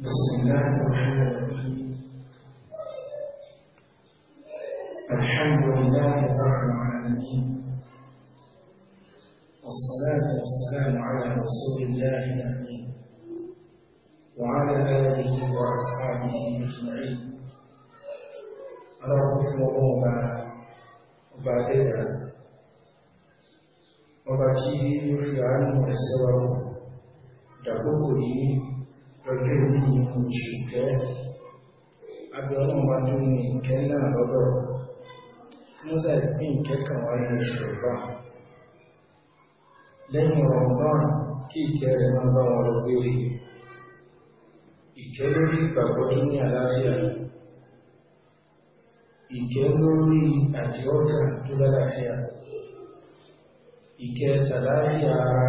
بسم الله الرحمن الرحيم الحمد لله رب العالمين والصلاة والسلام على رسول الله الأمين وعلى آله وأصحابه أجمعين رب الظلوم وبعدها وبعدين يفعل السبب دعوكني lọ́jọ́ ní oṣù kẹ́ abẹ́ ọlọ́mọba tó ní ìkẹ́ náà lọ́dọ̀ mọ́sá ìpín ìkẹ́kàn wáyé ìṣọ̀gbà lẹ́yìn ọ̀rọ̀mọ́rán kí ìkẹ́ rẹ̀ máa bá wọn lọ gbére ìkẹ́ lórí ìgbàgbọ́ tó ní àlàáfíà ìkẹ́ lórí àjẹ́ tó lálàáfíà ìkẹ́ tàlàáfíà ara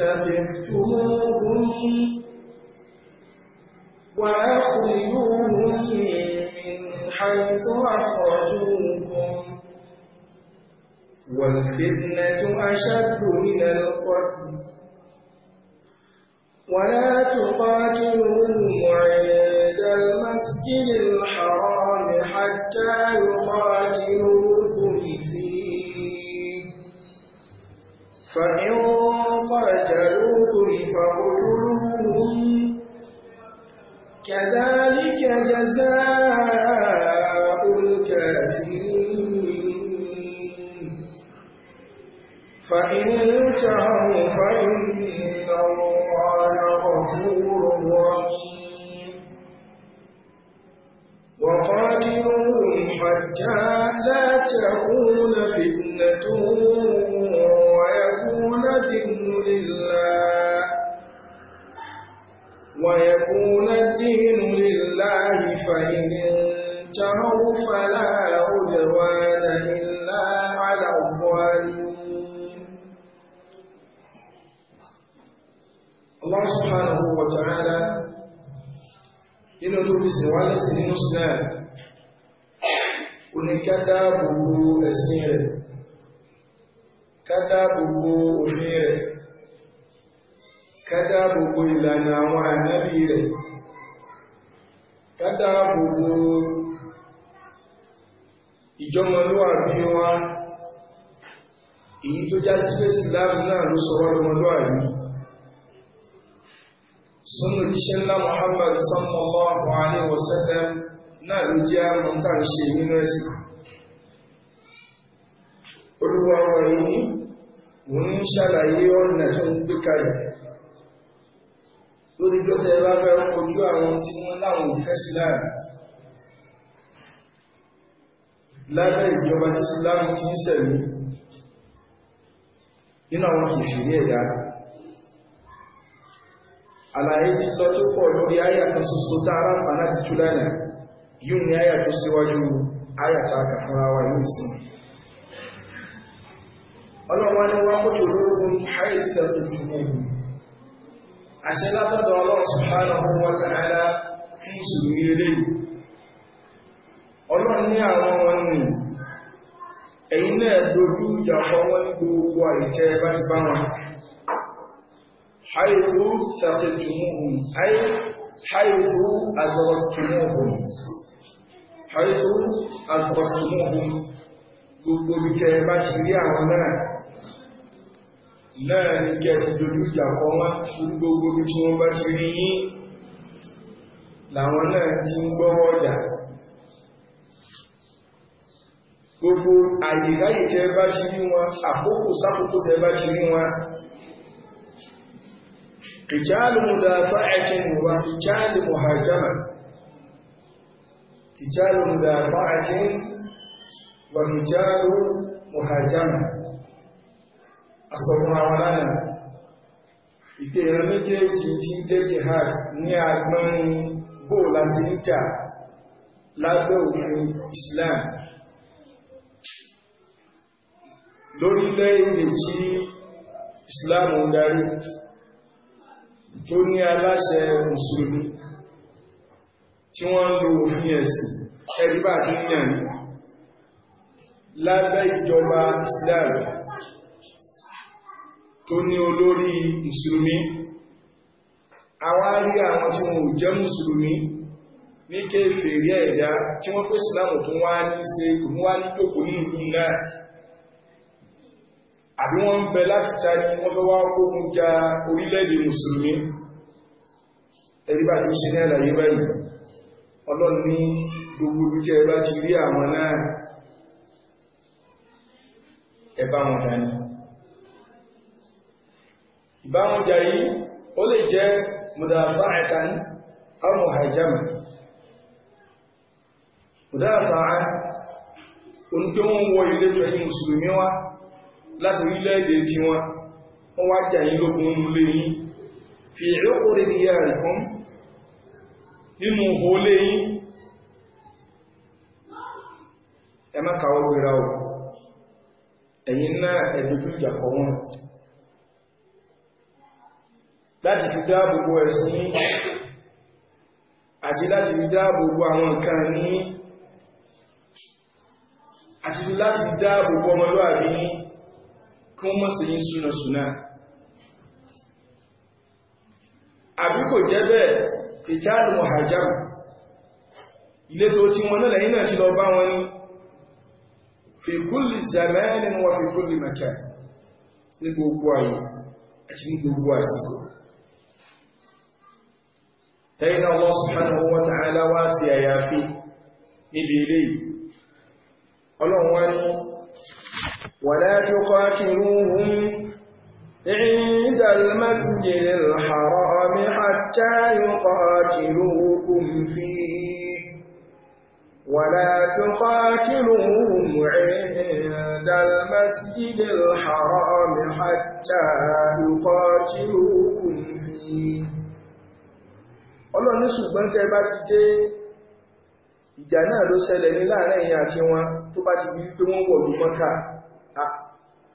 استفتفتموهم وأخرجوهم من حيث أخرجوكم والفتنة أشد من القتل ولا تقاتلوهم عند المسجد الحرام حتى يقاتلوكم فيه فإن جلوط فاقتلوهم كذلك جزاء الكافرين فإن انتهوا فإن الله غفور رحيم وقاتلوهم حتى لا تكون فتنة الدين لله ويكون الدين لله فإن انتهوا فلا عدوان إلا على الظالمين الله سبحانه وتعالى إنه tó fi sìn wá lẹ́sìn nínú kádá gbogbo òfin rẹ̀ kádá gbogbo ìlànà àwọn ànábì rẹ̀ kádá gbogbo ìjọmọlúwàbí wa èyí tó já sí fèsì láàrín náà ló sọ wọ́lọ́mọlúwàbí sọ́nà iṣẹ́ ńlá Muhammad sallallahu alaihi wasallam náà ló jẹ́ mọ̀ntàn ṣe nínú ẹ̀sìn olúwa wọ̀nyí ń ṣàlàyé ọ̀nà tó ń gbé kalẹ̀ lórí tó tẹ́ bá fẹ́ kojú àwọn tí wọ́n láwọn ìfẹ́sí láàrín lábẹ́ ìjọba tí ti ń sẹ̀lú nínú àwọn kìfìrí ẹ̀dá àlàyé ti lọ tó pọ̀ lórí àyà kan ṣoṣo tá ara pa láti tú lánàá yìí ni àyà tó síwájú àyà tá a kà fúnra wa ọlọ́wọ́ ni wọ́n kó ṣòro ogun àìsàn tó fi mú un àṣẹ látọ̀dọ̀ ọlọ́run subhanahu wa ta'ala fún ìṣòro eré ọlọ́run ní àwọn wọn ni ẹ̀yin náà dojú ìjà kan wọ́n ní gbogbo àìjẹ́ bá ti rí àwọn náà náà ní kẹ́ ti dojú ìjà kọ wọ́n torí gbogbo bí tí wọ́n bá ti rí yín làwọn náà ti ń gbọ́wọ́ ọjà gbogbo àyè láyè tẹ́ bá ti rí wọn àkókò sákòókò tẹ́ bá ti rí wọn رجال مدافعة ورجال مهاجمة رجال مدافعة ورجال مهاجمة asọ̀rọ̀ àwọn lánàá ìpè ẹ̀rọ méjèèjì tí ń jẹ́ jihad ní agbọ́n lábẹ́ òfin Islam lórílẹ̀-èdè tí Islam ń darí tó ní aláṣẹ mùsùlùmí tí wọ́n ń lo òfin ẹ̀sìn ẹ̀rí bá ti ń yàn lábẹ́ ìjọba Islam tó ní olórí mùsùlùmí àwárí àwọn tí wọn ò jẹ́ mùsùlùmí ní kéfèrí ẹ̀dá tí wọ́n pè sílámù tó wá ní ṣe kò mú wá ní tòkó nínú ìlú náà àbí wọ́n ń bẹ láti tari wọ́n fẹ́ wá ogun ja orílẹ̀-èdè mùsùlùmí ẹ̀ríbà tó ní àlàyé báyìí ọlọ́run ní gbogbo olùjẹ́ bá ti rí àwọn náà ẹ̀bá wọn dání ìbáwọ̀njà yìí ó lè jẹ́ mùdàfáàtàn aw muhajama mùdàfáà onígbé wọn wọ ilé tó ẹ̀yin mùsùlùmí wá láti orílẹ̀ èdè tí wọn wọ́n wá jà yín lógun nínú ilé yín fi uquri diyarikum nínú òhòlé yín ẹ má kàwọ́ gbéra o ẹ̀yin náà ẹ̀dùn ìjàkọ̀ wọn láti fi dáàbòbò ẹ̀sìn yín àti láti fi dáàbòbò àwọn nǹkan ní àti láti fi dáàbòbò ọmọlúwàbí yín kí wọ́n mọ́ sí yín súnasúnà àbí kò jẹ́ bẹ́ẹ̀ ìjáàlù mọ̀hàjáàmù ilé tó tí wọn náà lẹ́yìn sí lọ bá wọn ní fi kulli zamanin wa fi ní gbogbo ayé àti ní gbogbo àsìkò تين الله سبحانه وتعالى واسع يا في نبيلي الأول ولا تقاتلوهم عند المسجد الحرام حتى يقاتلوكم فيه ولا تقاتلوهم عند المسجد الحرام حتى يقاتلوكم فيه ọlọ́run ní ṣùgbọ́n tẹ́ bá ti dé ìjà náà ló ṣẹlẹ̀ ní láàárín ẹ̀yin àti wọn tó bá ti bí pé wọ́n wọ̀ ló mọ́ta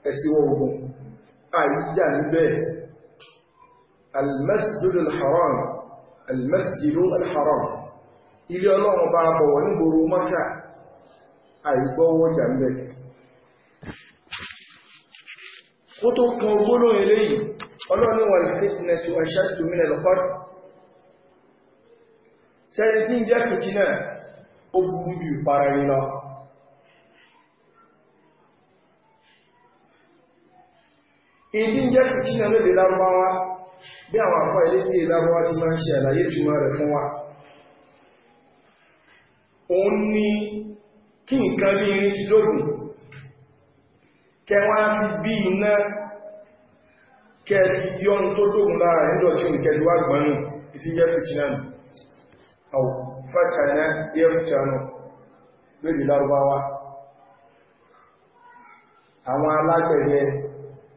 ẹ̀sìn wọ ogun àìjà níbẹ̀ almasjidu alharam almasjidu alharam ilé ọlọ́run bá bọ̀wọ̀ nígboro mọ́ta àìgbọ́wọ́ jà níbẹ̀ kó tó kan ogólóhùn eléyìí ọlọ́run wà ní fitness to ashad to sẹ́rin tí ń jẹ́ náà ó burú jù ìpara ẹni lọ èyí náà lóde lárúbáwá bí àwọn àpá ti máa ń ṣe àlàyé ìtumọ̀ rẹ̀ fún wa òun ni kí nǹkan bí irin ti lóògùn kẹwàá fi bí iná kẹ́ẹ̀kì yọ́n tó lóògùn lára ẹ̀ńdọ̀ tí òun أو فتن يفتن lórí lárúbáwá àwọn alágbẹ̀rẹ̀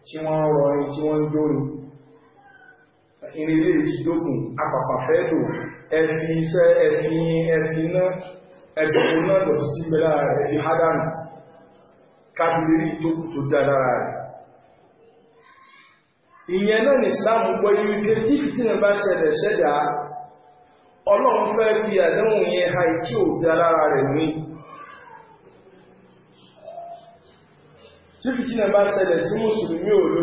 tí wọ́n ń rọrin tí wọ́n ń jórin ìrìnlẹ̀ ìṣìdógún apàpàfẹ́dò ẹfi iṣẹ́ ẹfi ẹfi iná ẹgbẹ̀rún náà lọ títí pẹ̀lá rẹ̀ fi hádánù kábílérí tó kù tó dá lára rẹ̀ ìyẹn náà ní ìsìlámù gbọ́ ibi tí fìtínà bá ṣẹlẹ̀ ṣẹ̀dá ọlọ́run fẹ́ fi àdéhùn yẹn ha ìtí ò dá lára rẹ̀ ní tí fìtínà bá ṣẹlẹ̀ sí mùsùlùmí òdodo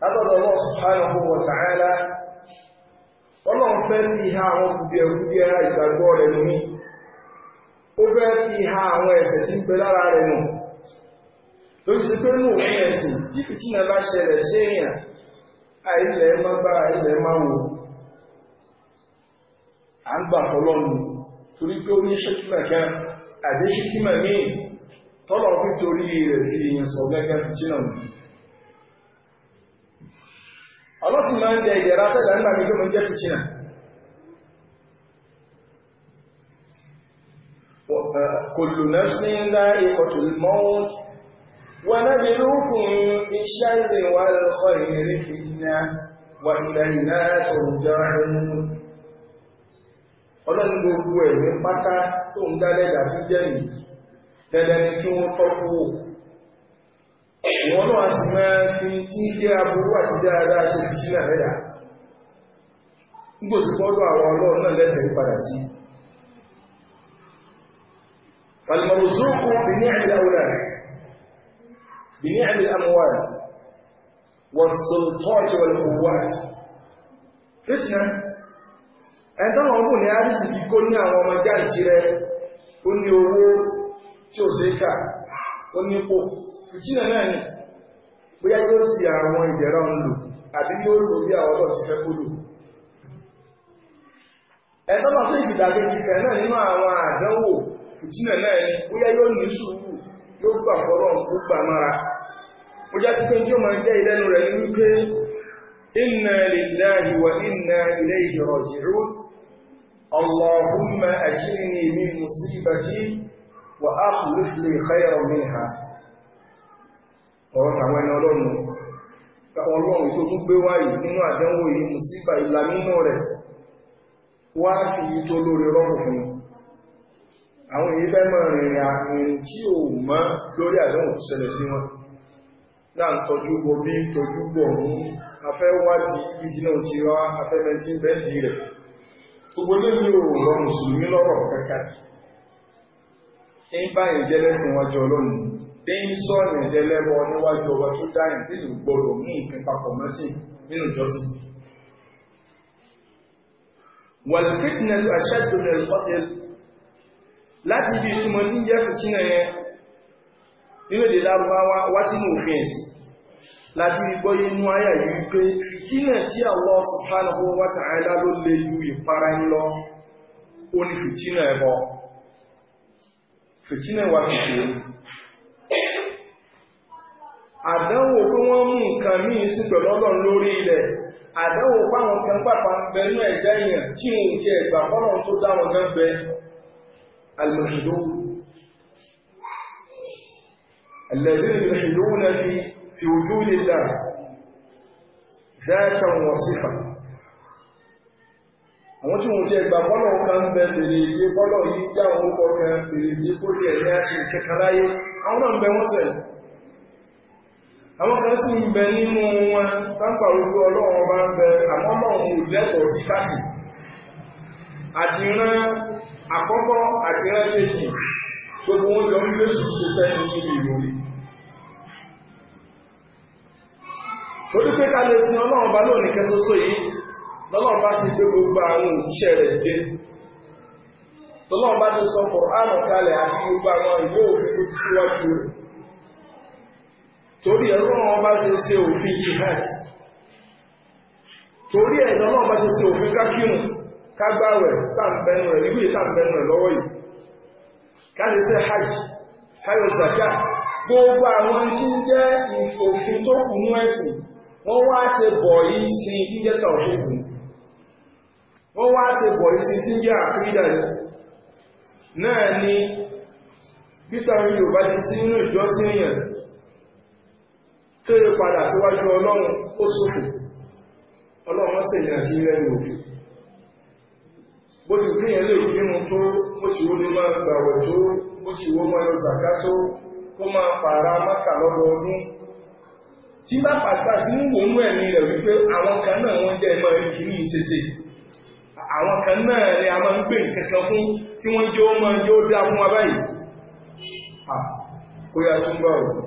látọ̀dọ̀ Allah subhanahu wa ta'ala ọlọ́run fẹ́ fi ha àwọn kùbìẹ̀kùbìẹ̀ ra ìgbàgbọ́ rẹ̀ ní ó ha àwọn tí ń lára rẹ̀ nù pé òfin ẹ̀sìn tí sí èèyàn àìlẹ̀ à ń gbà fọlọ́nu torí pé ó ní ṣẹ́kímà kan àdé ṣẹ́kímà míì tọ́lọ̀ nítorí rẹ̀ fi èèyàn sọ gẹ́gẹ́ fi jìnà mọ́. ọlọ́sìn máa ń jẹ ìyẹ̀rá fẹ́lá nígbà mi tó mọ jẹ́ fi jìnà. كل نفس ذائقة الموت ونبلوكم بالشر والخير فتنة وإلينا ترجعون ọlọ́run gbogbo ẹ̀mí pátá tó ń dálẹ́dà sí jẹ́rì dandan ni kí wọ́n tọ́kú wò ìwọ́n náà sì máa fi tí kí aburú àti dáadáa ṣe fi sílẹ̀ lẹ́dà nígbòsí gbọ́dọ̀ àwọn ọlọ́run náà lẹ́sẹ̀ padà sí فالمرزوق بنعم الأولاد بنعم الأموال والسلطات والقوات فتنة ẹ̀tọ́nà ọgbùn n'i àrísì kí kó ní àwọn ọmọ jáìsí rẹ ó ní owó tí ó ṣe kà ó nípò ìjìnà náà ni bóyá yóò sì àwọn ìjẹ̀rọ ń lò àbí yóò lò bí àwọn ti fẹ́ kó lò ẹ̀tọ́nà sí ìgbìdàgbèjì fẹ̀ náà nínú àwọn àdánwò ìjìnà náà ni bóyá yóò ní sùúrù yóò gbà gbà mára bóyá اللهم أجرني من مصيبتي وأخلف لي خيرا منها ọ̀rọ̀ àwọn ẹni ọlọ́run ọlọ́run tó tún gbé wáyé nínú àdánwò yìí mùsíbà ìlà mímọ̀ rẹ̀ wá fi yí tó lórí rọ́pù fún àwọn èyí fẹ́ mọ̀ rìnrìn àrìn tí ò mọ́ lórí àdánwò tó ṣẹlẹ̀ sí wọn náà ń tọ́jú bọ bí tọ́jú bọ̀ mú afẹ́ wádìí ìdínà tí wá afẹ́mẹ́ tí bẹ́ẹ̀ gbogbo lè ní òun lọ mùsùlùmí lọ́rọ̀ kẹ́kẹ́ ń bá ìjẹ́ lẹ́sìn wájú ọlọ́run bí ń sọ ìrìnjẹ́ lẹ́bọ níwájú ọba tó dáyìn tí ìlú gbọdọ̀ ní ìpín papọ̀ mẹ́sìn nínú ìjọsìn wàlùfíìtìnà àṣẹ́tò rẹ̀ lọ́tẹ̀ láti ibi ìtumọ̀ tí jẹ́ fìtínà yẹn nínú èdè lárúbáwá wá sínú òfin ẹ̀sìn láti gbọ́yé nú ayà yìí pé fìtínà tí Allah subhanahu wa ta'ala ló lè ju ìpara ń lọ ó ní fìtínà ẹbọ fìtínà wà fìtínà àdánwò pé wọ́n mú nǹkan míì sí pẹ̀lú ọlọ́run lórí ilẹ̀ àdánwò páwọn kan pàpà ń ẹ̀dá èèyàn tí wọn ò tiẹ̀ gbà tó dá wọn gan bẹ al في وجود الله ذاتا وصفا àwọn tí wọ́n jẹ́ ìgbà bọ́lọ̀ kan ń bẹ bèrè tí bọ́lọ̀ yìí já àwọn ọkọ̀ kan bèrè tí kó jẹ́ ní àṣẹ ìkẹta láyé àwọn náà ń bẹ wọ́n sẹ̀ àwọn kan sì ń bẹ nínú wọn tápà ojú ọlọ́run bá ń bẹ àmọ́ ọlọ́run ò lẹ́tọ̀ọ́ sí káàsì àti rán àkọ́kọ́ àti rán kejì gbogbo wọn jọ ń gbé sùn ṣiṣẹ́ nínú ìròyìn torí pé ká lè sin ọlọ́run bá lónìí kẹsọ́sọ́ yìí lọ́lọ́run bá sì gbé gbogbo àwọn òṣìṣẹ́ rẹ̀ dé lọ́lọ́run bá ti sọ Kùránì kalẹ̀ àti gbogbo àwọn ìwé òfin tó ti síwájú rẹ̀ torí ẹ̀ lọ́lọ́run bá ṣe ṣe òfin jihad torí ẹ̀ lọ́lọ́run bá ṣe ṣe òfin kákírun kágbáwẹ̀ tàǹbẹ̀nu rẹ̀ nígbè tàǹbẹ̀nu rẹ̀ lọ́wọ́ yìí ká lè hajj gbogbo àwọn tí ń jẹ́ òfin tó kù nú ẹ̀sìn wọ́n wá ṣe bọ̀ yìí sin tí jẹ́ tàwọ̀ṣẹ́kù wọ́n wá ṣe bọ̀ yìí sin tí jẹ́ náà ni peter rio bá ti sí inú ìjọsìn èèyàn tó yẹ padà síwájú ọlọ́run ó sófò ọlọ́run sì ní àti lẹ́nu òbí bó ti rí yẹn lè kírun tó bó ti máa gbàwẹ̀ tó bó ti máa kó tí bá pàtàkì sí ń wònú ẹ̀mí rẹ̀ wípé àwọn kan náà wọ́n jẹ́ ẹ̀mọ́ ẹ̀mí kìíní ìṣeṣe àwọn kan náà ni a máa ń gbé nǹkan fún tí wọ́n jẹ́ ó máa jẹ́ ó dá fún wa báyìí kó yá tún bá òun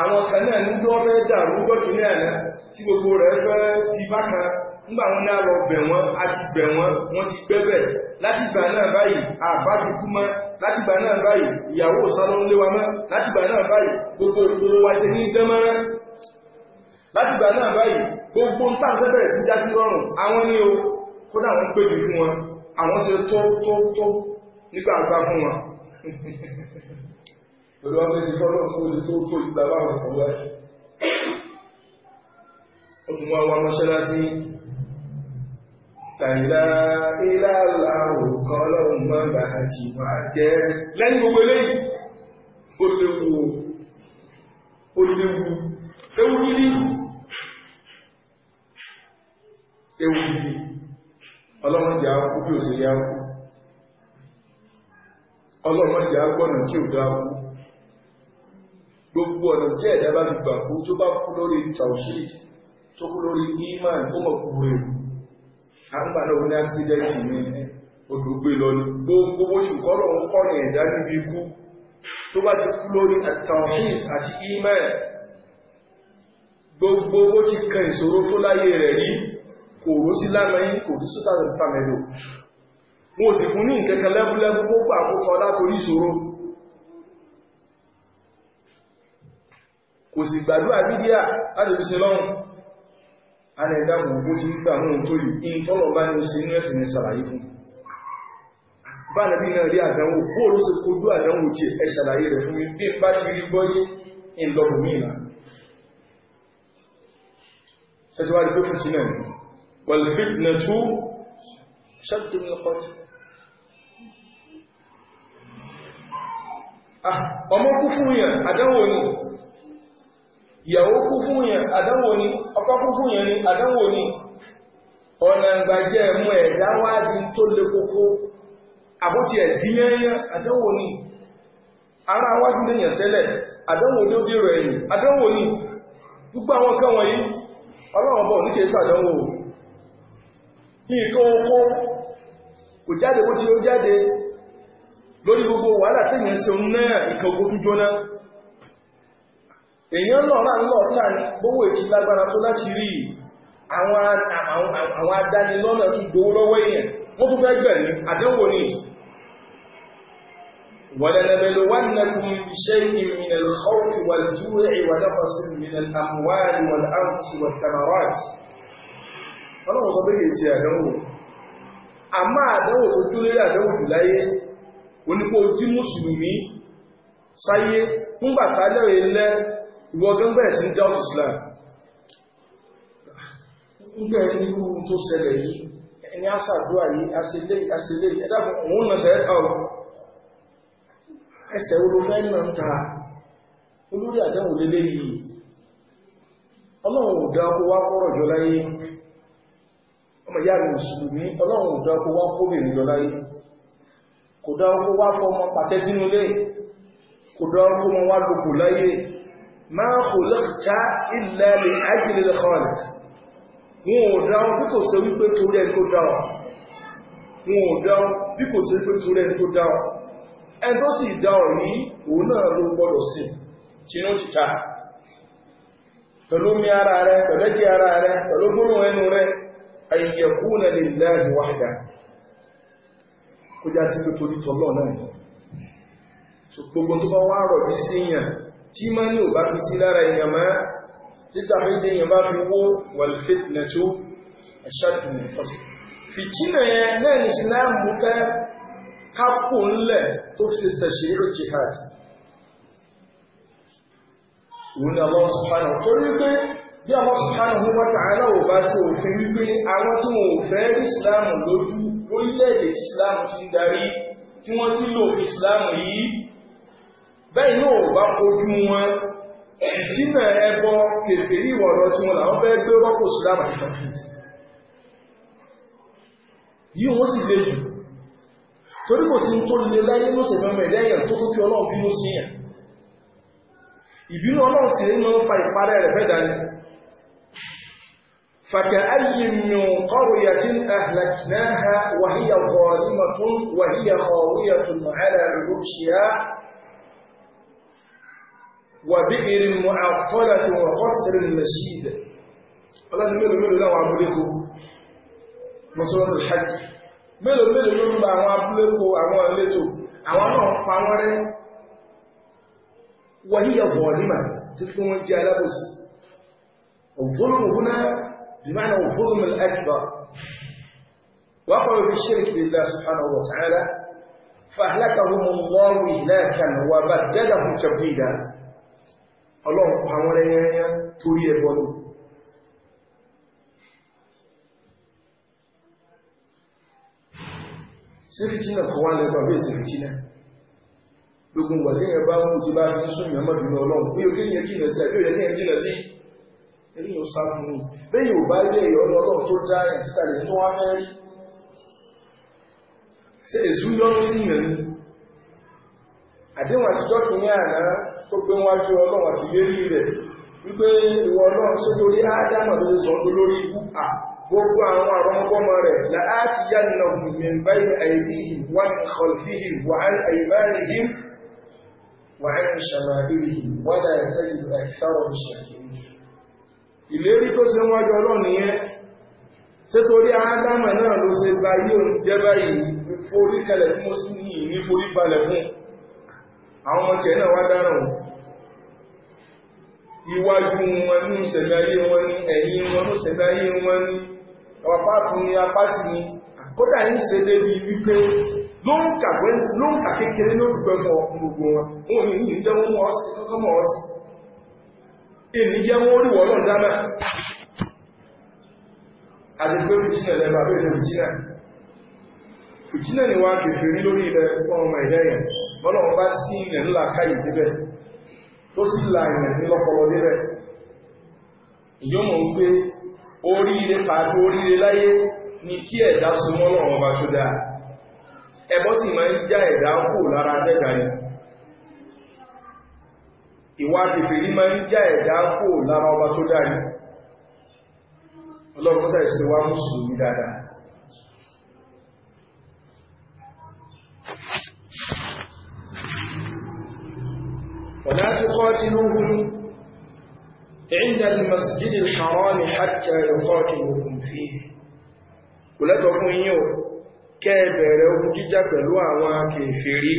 àwọn kan náà ní gbọ́ fẹ́ dàrú gbọ́dù ní àná tí gbogbo rẹ̀ fẹ́ ti bákan nígbà wọn náà lọ bẹ̀ wọ́n a ti bẹ̀ wọ́n wọ́n ti gbẹ́bẹ̀ láti ìgbà náà báyìí àbájúkú láti gbà náà báyìí ìyàwó sánú ń léwa mọ́ láti gbà náà báyìí gbogbo ìṣòro wa ṣe ní dánmọ́rán láti gbà náà báyìí gbogbo ń tàn bẹ̀rẹ̀ sí já sí rọrùn àwọn ní o kódà wọ́n pè jù fún wọn àwọn ṣe tó tó tó nígbà àgbà fún wọn pẹ̀lú ọmọ ìṣẹ́ tọ́lọ́ fún oṣù tó tó ìgbà báwọn fún wọn ó tún wá wá mọ́ṣáláṣí tàìlá ilá àwòkọ́ ọlọ́run mọ́ bá jì máa jẹ́ lẹ́yìn gbogbo eléyìí ó léwu ó léwu ewu gidi ewu gidi ọlọ́run jà kú bí òsè yá kú ọlọ́run jà gbọ́nà tí ò dá kú gbogbo ọ̀nà tí ẹ̀dá bá ti gbà kú tó bá kú lórí tàùsí tó kú lórí imán ó mọ̀ kú ewu àgbà náà ó ní accident ní olùgbé lọ ní gbogbo oṣù kọ́lọ̀ ń kọ́rin ẹ̀dá níbi ikú tó bá ti kú lórí at-tawhid àti iman gbogbo owó ti kan ìṣòro tó láyé rẹ̀ rí kò ró sí lánàá yìí kò rí sótà tó fà mẹ́lò mo sì fún ní nǹkankan lẹ́búlẹ́bú gbogbo àkókò látorí ìṣòro kò sì gbàdúrà bídíà láti fi ṣe lọ́rùn ara ẹ̀dá ti gbà mú tó yìí in tọ́lọ̀ bá ní oṣù inú ẹ̀sìn ní ṣàlàyé fún bá nàbí náà rí àdánwò bó ló ṣe kojú àdánwò tí ẹ ṣàlàyé rẹ̀ fún mi bí n bá ti rí gbọ́yé in lọ́bù mìíràn ṣẹ́tọ́ wájú pé fún ti náà wal fitnatu shaddu min al-qatl ah, ọmọ kú fún yàn àdánwò ni ìyàwó kú fún yẹn àdánwò ni ọkọ kú fún yẹn ni àdánwò ni ọ̀nà ìgbàjẹ́ ẹ̀mú ẹ̀dá wá di tó le koko àbútí ẹ̀dí yẹ́yẹ́ àdánwò ni ara wájú lèyàn tẹ́lẹ̀ àdánwò ni ó dé rẹ̀ yìí àdánwò ni gbogbo àwọn kan wọ̀nyí ọlọ́run bọ̀ níkẹ́ sàdánwò nǹkan oko kò jáde bó ti ó jáde lórí èèyàn lọ́ràn lọ́ọ̀tà gbówó ètí lágbára tó láti rí àwọn adánilọ́nà tó gbówó lọ́wọ́ èèyàn wọ́n fẹ́ gbẹ̀ ní àdánwò ní ولنبلونكم بشيء من الخوف والجوع ونقص من الأموال ọlọ́run sọ pé ṣe àdánwò àmọ́ àdánwò tó àdánwò jù láyé onípo ojú mùsùlùmí sáyé lẹ́ ìwọ gẹ́gbẹ́ sí ń dáwọ̀ Islam nígbẹ̀ nínú tó ṣẹlẹ̀ yìí ẹni a ṣàdúrà yìí aṣẹlẹ̀ aṣẹlẹ̀ ẹ̀dàkùn òun náà ṣẹlẹ̀ káwọ̀ ẹsẹ̀ olófẹ́ náà ta olórí àdẹ́wò lélẹ́ yìí ọlọ́run ò dá ọkọ̀ wá kọ́rọ̀ jọ láyé ọmọ ìyá rẹ̀ mùsùlùmí ọlọ́run ò dá ọkọ̀ wá kóbìnrin jọ láyé kò dá ọkọ̀ wá fọmọ pàtẹ́ sínú ilé kò dá ọkọ̀ wọn wá lòkò láyé ma khuliqta illa li ajli al-khaliq wọn ò dá wọn bí kò ṣe wípé torí ẹni tó dá wọn wọn ò dá wọn bí kò ṣe wípé torí ẹni tó dá wọn ẹni tó sì dá wọn yìí òun náà ló gbọ́dọ̀ sí tinú tìta pẹ̀lú mi ara rẹ pẹ̀lú ẹ̀jẹ̀ ara rẹ pẹ̀lú gbóná ẹnu rẹ an yakuna lillahi wahda kó já sí pé torí tọ́lọ́ náà gbogbo tó bá wá rọ̀ bí síyàn tí má ní ò bá fi sí lára èèyàn máa títà fi dé èèyàn bá fi wó wal fitnatu ashaddu min al-fasq fìtínà yẹn náà ní ìsìláàmù fẹ́ kápò ńlẹ̀ tó fi tashri'u jihad òun náà Allah subhanahu torí pé bí Allah tí wọ́n ti lò ìsìláàmù yìí bẹ́ẹ̀ náà bá kojú wọn ìjìnà ẹbọ kèfèrí ìwọ̀ ọ̀rọ̀ tí wọn làwọn fẹ́ gbé rọ́pò sílámà yìí wọ́n sì le jù torí kò sí tó le láyé lóṣè mẹ́mẹ́ lẹ́yìn tó tó kí ọlọ́run bínú sí yàn ìbínú ọlọ́run sì ní máa fa ìparẹ́ rẹ̀ fẹ́ dání فكأي من قرية أهلكناها وهي ظالمة وهي خاوية على عروشها وبئر معطلة وقصر مشيد الله ملو ملو لا وعبلكو مصورة الحج ملو ملو ملو با وعبلكو أمو أمتو أمو أمو فاوري وهي ظالمة تفهم الجالبس الظلم هنا بمعنى الظلم الأكبر وقعوا في الشرك بالله سبحانه وتعالى فأهلكهم الله إهلاكا وبدلهم تبديدا ọlọ́run pa wọ́n lẹ́yẹrẹyẹ torí ẹbọ ni síríkínà kọwà lẹ́gbà bí síríkínà gbogbo wà tí ẹ̀bá mú ti bá rí sún ìyàmọ̀ ìlú ọlọ́run pé orí yẹn jìnà sí àbí òyẹ́ yẹn jìnà sí eré yóò sá fún mi àtijọ́ kìíní àná tó gbé wájú ọlọ́run àti lérí rẹ̀ wípé ìwọ ọlọ́run sí lórí ádámà ló ti sọ pé lórí ikú à gbogbo àwọn àrọ́mọ́gbọ́mọ rẹ̀ láti yá nínú min bayni aydihim wa min khalfihim wa an aymanihim wa an shama'ilihim wa la tajidu aktharahum shakirin ìlérí tó ṣe wájú ọlọ́run yẹn ṣé torí ádámà náà ló ṣe gba yóò jẹ́ báyìí forí kalẹ̀ fún ó ní ìní forí balẹ̀ fún àwọn ọmọ tiẹ̀ náà wá dáràn o iwájú wọn ní ìṣẹ̀lẹ̀ ayé wọn ní ẹ̀yìn wọn ní ìṣẹ̀lẹ̀ ayé wọn ní apáàtì ní apáàtì ní kódà ń ṣe débi wípé ló ń kàwé ló ń kà kékeré ló dùgbẹ́ fún ọkùnrin gbogbo wọn wọn ní ní jẹ́ wọn ọ̀sìn lọ́kọ́ mọ̀ èmi jẹ́ wọn orí wọ́n lọ́n dáná àdìgbé fìjìnà lẹ́bàá bẹ́ẹ̀ lè fìjìnà fìjìnà ni wọ́n á kèfèrí lórí ilẹ̀ ọmọ ẹ̀dá yẹn ọlọ́run bá sí ilẹ̀ ńlá káyì débẹ̀ tó sì la ilẹ̀ ní lọ́pọlọ débẹ̀ ìyọ́ mọ̀ ń pé oríire pàdé oríire láyé ni kí ẹ̀dá súnmọ́ ọlọ́run ọba tó dáa ẹbọ sì máa ń já ẹ̀dá kù lára dẹ́gbà ni ìwà kèfèrí máa ń já ẹ̀dá kù lára ọba tó dáa ni ọlọ́run tó tẹ̀síwá mùsùlùmí dáadáa وقاتلوهم عند المسجد الحرام حتى يقاتلوكم فيه kòlẹ́tọ̀ fún yín o kẹ́ ẹ bẹ̀rẹ̀ ogun jíjà pẹ̀lú àwọn kèfèrí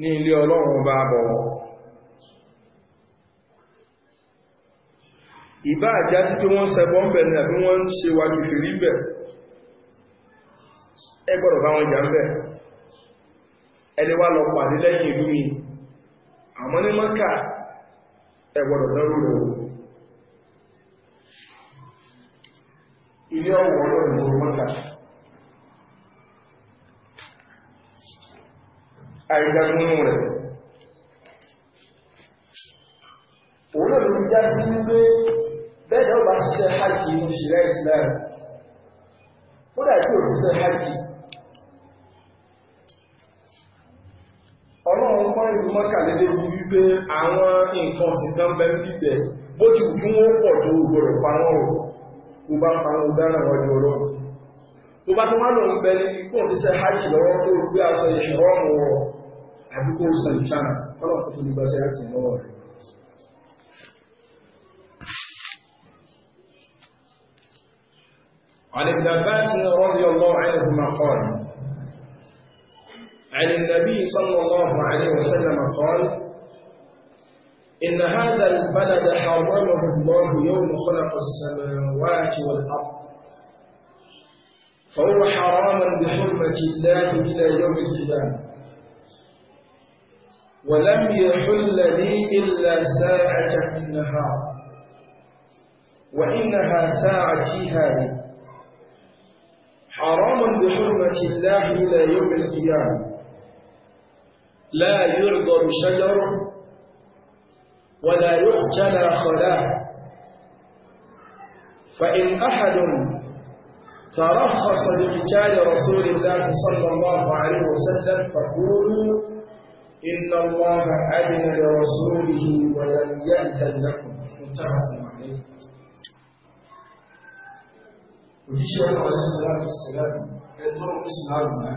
ní ilé ọlọ́run bá bọ̀ ìbá àjá sí pé wọ́n sẹ́bọ́n bẹ̀ ní àbí wọ́n ń ṣe wà kèfèrí bẹ̀ ẹ bá wọn jà ń bẹ̀ ẹni wá lọ pàdé lẹ́yìn ìlú mi àmọ́ ní mọ́kà ẹgbọ́dọ̀ lọ́rù rẹ̀ ilé ọwọ́ lọ́rùn lọ́rùn mọ́kà àìgbàgbónú rẹ̀ òun náà ló já sí wípé bẹ́ẹ̀ ni ó bá ṣiṣẹ́ hajj ní òṣìṣẹ́ ìsìlẹ̀ ó dàbí òṣìṣẹ́ hajj ọlọ́run mọ́ ìlú mọ́kà lédè wípé àwọn nǹkan ọ̀sìn tán bẹ ń bíbẹ̀ bó ti wù kí wọ́n pọ̀ tó gbọ́dọ̀ pa wọ́n rò ó bá pa wọn dáná wọn ju ọlọ́run tó bá tó wá lòun bẹ ní kó ti ṣe hajj lọ́wọ́ tó gbé aṣọ ìṣòro ọ̀hún wọ àbí kó san ìṣànà ọlọ́run tó ní bá ṣe hajj lọ́wọ́ rẹ̀. عن ابن عباس رضي الله عنهما قال عن النبي صلى الله عليه وسلم قال إن هذا البلد حرمه الله يوم خلق السماوات والأرض فهو حراما بحرمة الله إلى يوم القيامة ولم يحل لي إلا ساعة في النهار وإنها ساعتي هذه حرام بحرمة الله إلى يوم القيامة لا يعبر شجر ولا يحجل خلاه فإن أحد ترخص بقتال رسول الله صلى الله عليه وسلم فقولوا إن الله أذن لرسوله ولم يأذن لكم متفق عليه شهر ọ̀rọ̀ ẹ̀sẹ̀ láti ṣẹlẹ̀ ẹ̀tọ́ ìsìláàmù náà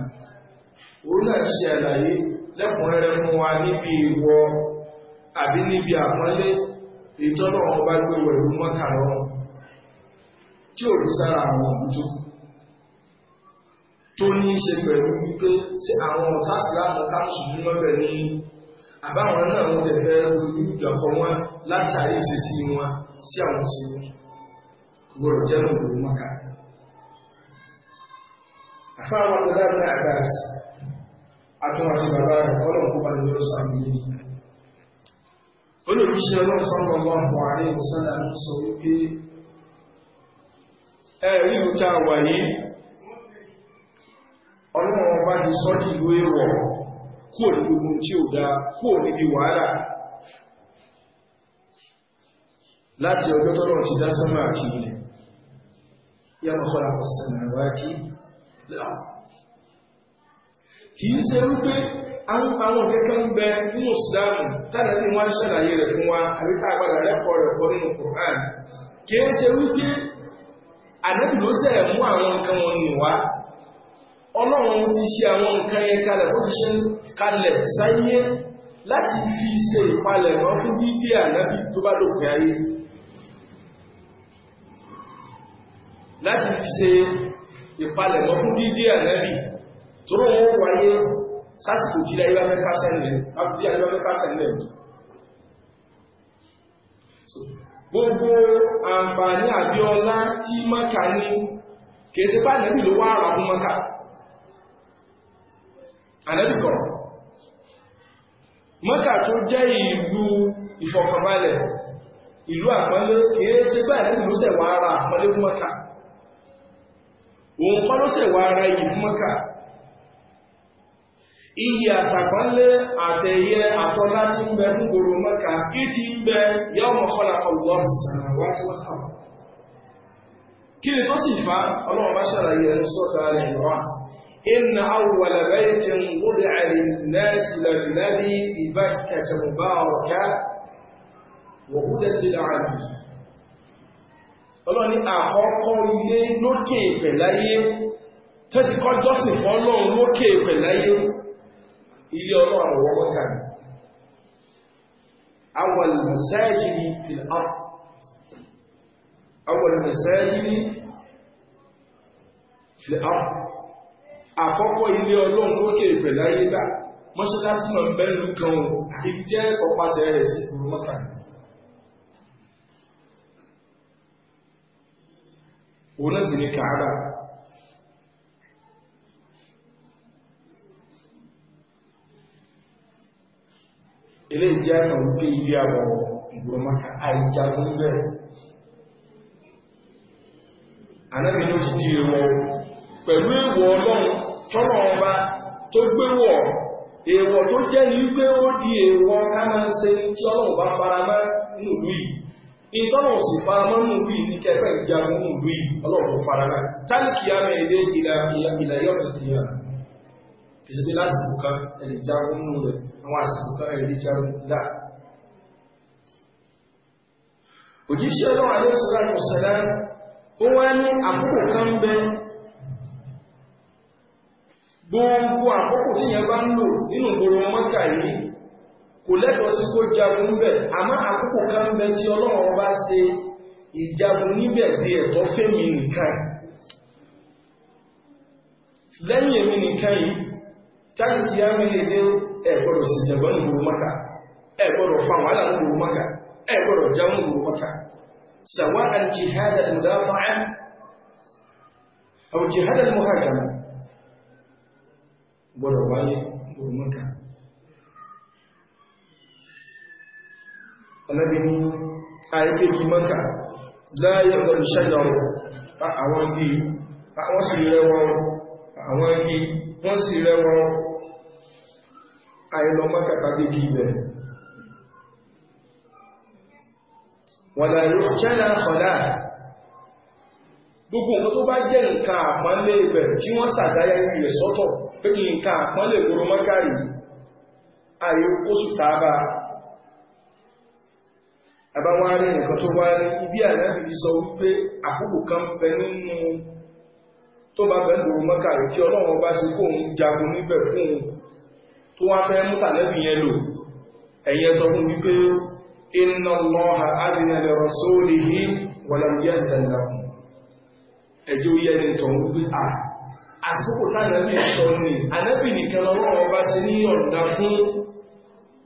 òun náà ṣe àlàyé lẹ́kùnrẹ́rẹ́ fún wa níbi ìwọ àbí níbi àpọ́nlé ìtọ́nà wọn bá gbé wọ ìlú mọ́kànlọ́ tí ò rí sára àwọn òbútó tó ní í ṣe pẹ̀lú wípé tí àwọn ọ̀tá síláàmù káàsù ní mọ́bẹ̀ ní àbáwọn náà wọ́n ti fẹ́ orí ìjọkọ̀ wọn látàrí ìṣesí wọn sí àwọn sí gbọ́dọ̀ jẹ́ mọ̀ ìlú mọ́kànlọ́. àfáwọn ọ̀dọ́ náà ní àgbà sí àtúnwàtí bàbá rẹ̀ kọ́lọ̀ kó bá lè lọ́sọ àmìlì olùrìṣẹ́ ọlọ́run sọ́rọ̀ wọn wà ní ìsọ́nà ń sọ wípé ẹ̀rí ìta wà yìí ọlọ́run bá ti sọ́ di ìlú èèwọ̀ kúò ní gbogbo tí ò dáa kúò níbi wàhálà láti ọjọ́ tọ́lọ́run ti dá sánmà àti ilẹ̀ yàmọ̀ kọ́lá ọ̀sán àwájí láàrín kì í ṣe wípé a ń pa àwọn kẹ́kẹ́ ń bẹ nínú ìsìlámù tánà ní wọ́n ṣàlàyé rẹ̀ fún wa àbí tá a padà rẹ́kọ̀ọ́ rẹ̀ kọ́ nínú Qur'an kì í ṣe wípé ànábì ló ṣẹ̀ mú àwọn nǹkan wọn nù wá ọlọ́run ti ṣe àwọn nǹkan yẹn kalẹ̀ bó ti ṣe kalẹ̀ sáyé láti fi ṣe ìpalẹ̀ mọ́ fún dídí ànábì tó bá lòpin ayé láti fi ṣe ìpalẹ̀ mọ́ fún dídí ànábì tóró wọn wáyé sásìkò tí ilẹ̀ ibà mẹ́ká sẹ́lẹ̀ káàkiri ibà mẹ́ká sẹ́lẹ̀ gbogbo àǹfààní àbíọlá tí mọ́ka ní kèsí bá nẹ́bì ló wá àrà fún mọ́ka ànẹ́bì kọ̀rọ̀ mọ́ka tó jẹ́ ìlú ìfọ̀kànbalẹ̀ ìlú àpọ́nlé kèsí bá nẹ́bì ló sẹ̀wà ara àpọ́nlé fún mọ́ka òun kọ́ ló sẹ̀wà ara yìí fún mọ́ka iyì àtàgbánlé àtẹ̀yẹ àtọ́lá tí ń bẹ fún gbòrò mẹ́ka kí ti ń bẹ yàwó mọ̀kọ́lá ọlọ́run sàrànwá tí wọ́n kà kí ni tó sì fa ọlọ́run bá ṣàlàyé ẹnu sọ́ta rẹ̀ lọ́wọ́ إن أول بيت وضع للناس للذي ببكة مباركة وهدى للعالمين ọlọ́ni àkọ́kọ́ ilé lókè ìpẹ̀láyé tẹ́tí kọjọ́sìn fọ́lọ́run lókè ìpẹ̀láyé ilé ọlọ́run àwọn ọmọ kàní àwọn ìmọ̀sáàjì ní ìlànà àwọn ìmọ̀sáàjì ní ìlànà àkọ́kọ́ ilé ọlọ́run lókè ìpẹ̀láyé dá mọ́ṣáláṣí mọ̀ bẹ́ẹ̀lú kan àti jẹ́ ọpasẹ̀ rẹ̀ sí ìlú mọ́kàní òun náà sì ní kàárà ilé ìjẹ́ àmà wípé ibi àwọ̀ ìgbò maka àìjagun bẹ́ẹ̀ anábì ló ti di èèwọ̀ pẹ̀lú èèwọ̀ ọlọ́run tọ́lọ̀ ọba tó gbéwọ̀ èèwọ̀ tó jẹ́ ní wípé ó di èèwọ̀ ká máa ṣe tí ọlọ́run bá fara mọ́ nínú ìlú yìí ìtọ́nà sì fara mọ́ nínú ìlú yìí ní kẹfẹ́ ìjagun nínú ìlú yìí ọlọ́run fara mọ́ táìkì àmì èdè ìlà ìlà yọ̀ọ̀tì yà kìsìdí lásìkò kan ẹ̀lẹ́jagun nínú rẹ̀ asịpụtara erichara ndị a òjíṣẹ́ ọlọ́run alẹ́sìláàmù sẹ́lá ó wá ní àkókò kan bẹ gbogbo àkókò tí yẹn bá ń lò nínú ìgboro ka kò lẹ́tọ̀ọ́ kó jagun kan ìjagun nìkan ẹ gbọ́dọ̀ sì jẹ̀gbọ́n ní gbogbo maka ẹ gbọ́dọ̀ fa wàhálà ní gbogbo maka ẹ gbọ́dọ̀ já ní gbogbo maka sàwọn al-jihad al-mudafa'a aw jihad al-muhakama gbọ́dọ̀ wáyé gbogbo maka ọlọ́bí ní àìkéjì maka láyé ọdún ṣẹ́yọrọ àwọn bí wọ́n sì rẹwọ́n àwọn bí wọ́n sì rẹwọ́n àìlọ́mọ́ kàkàgbé kí ibẹ̀ wọ̀nà yóò jẹ́nà ọ̀dá gbogbo nǹkan tó bá jẹ́ nǹkan àpọ́nlé ibẹ̀ tí wọ́n sàdáyà ilẹ̀ sọ́tọ̀ pé kí nǹkan àpọ́nlé ìgboro mọ́kàrí ààyè oṣù tààbà àbáwọn arí nǹkan tó wá ní ibi ànábì ti sọ wípé àkókò kan bẹ nínú tó bá bẹ ìgboro mọ́kàrí tí ọlọ́run bá ṣe kóun jagun níbẹ̀ fún tó wá fẹ́ mútàlẹ́bì yẹn lò ẹ̀yẹ sọ fún wípé iná lọ́ha adìnàlẹ̀rọ̀ sóòlì yí wọ̀lọ̀yẹ́ tẹ̀lẹ̀kùn ẹjọ́ yẹ́ ni tọ̀ wípé à ah, àsìkò tánàbì sọ ní ànábì nìkan lọ́wọ́ ọba sí ní yọ̀ǹda fún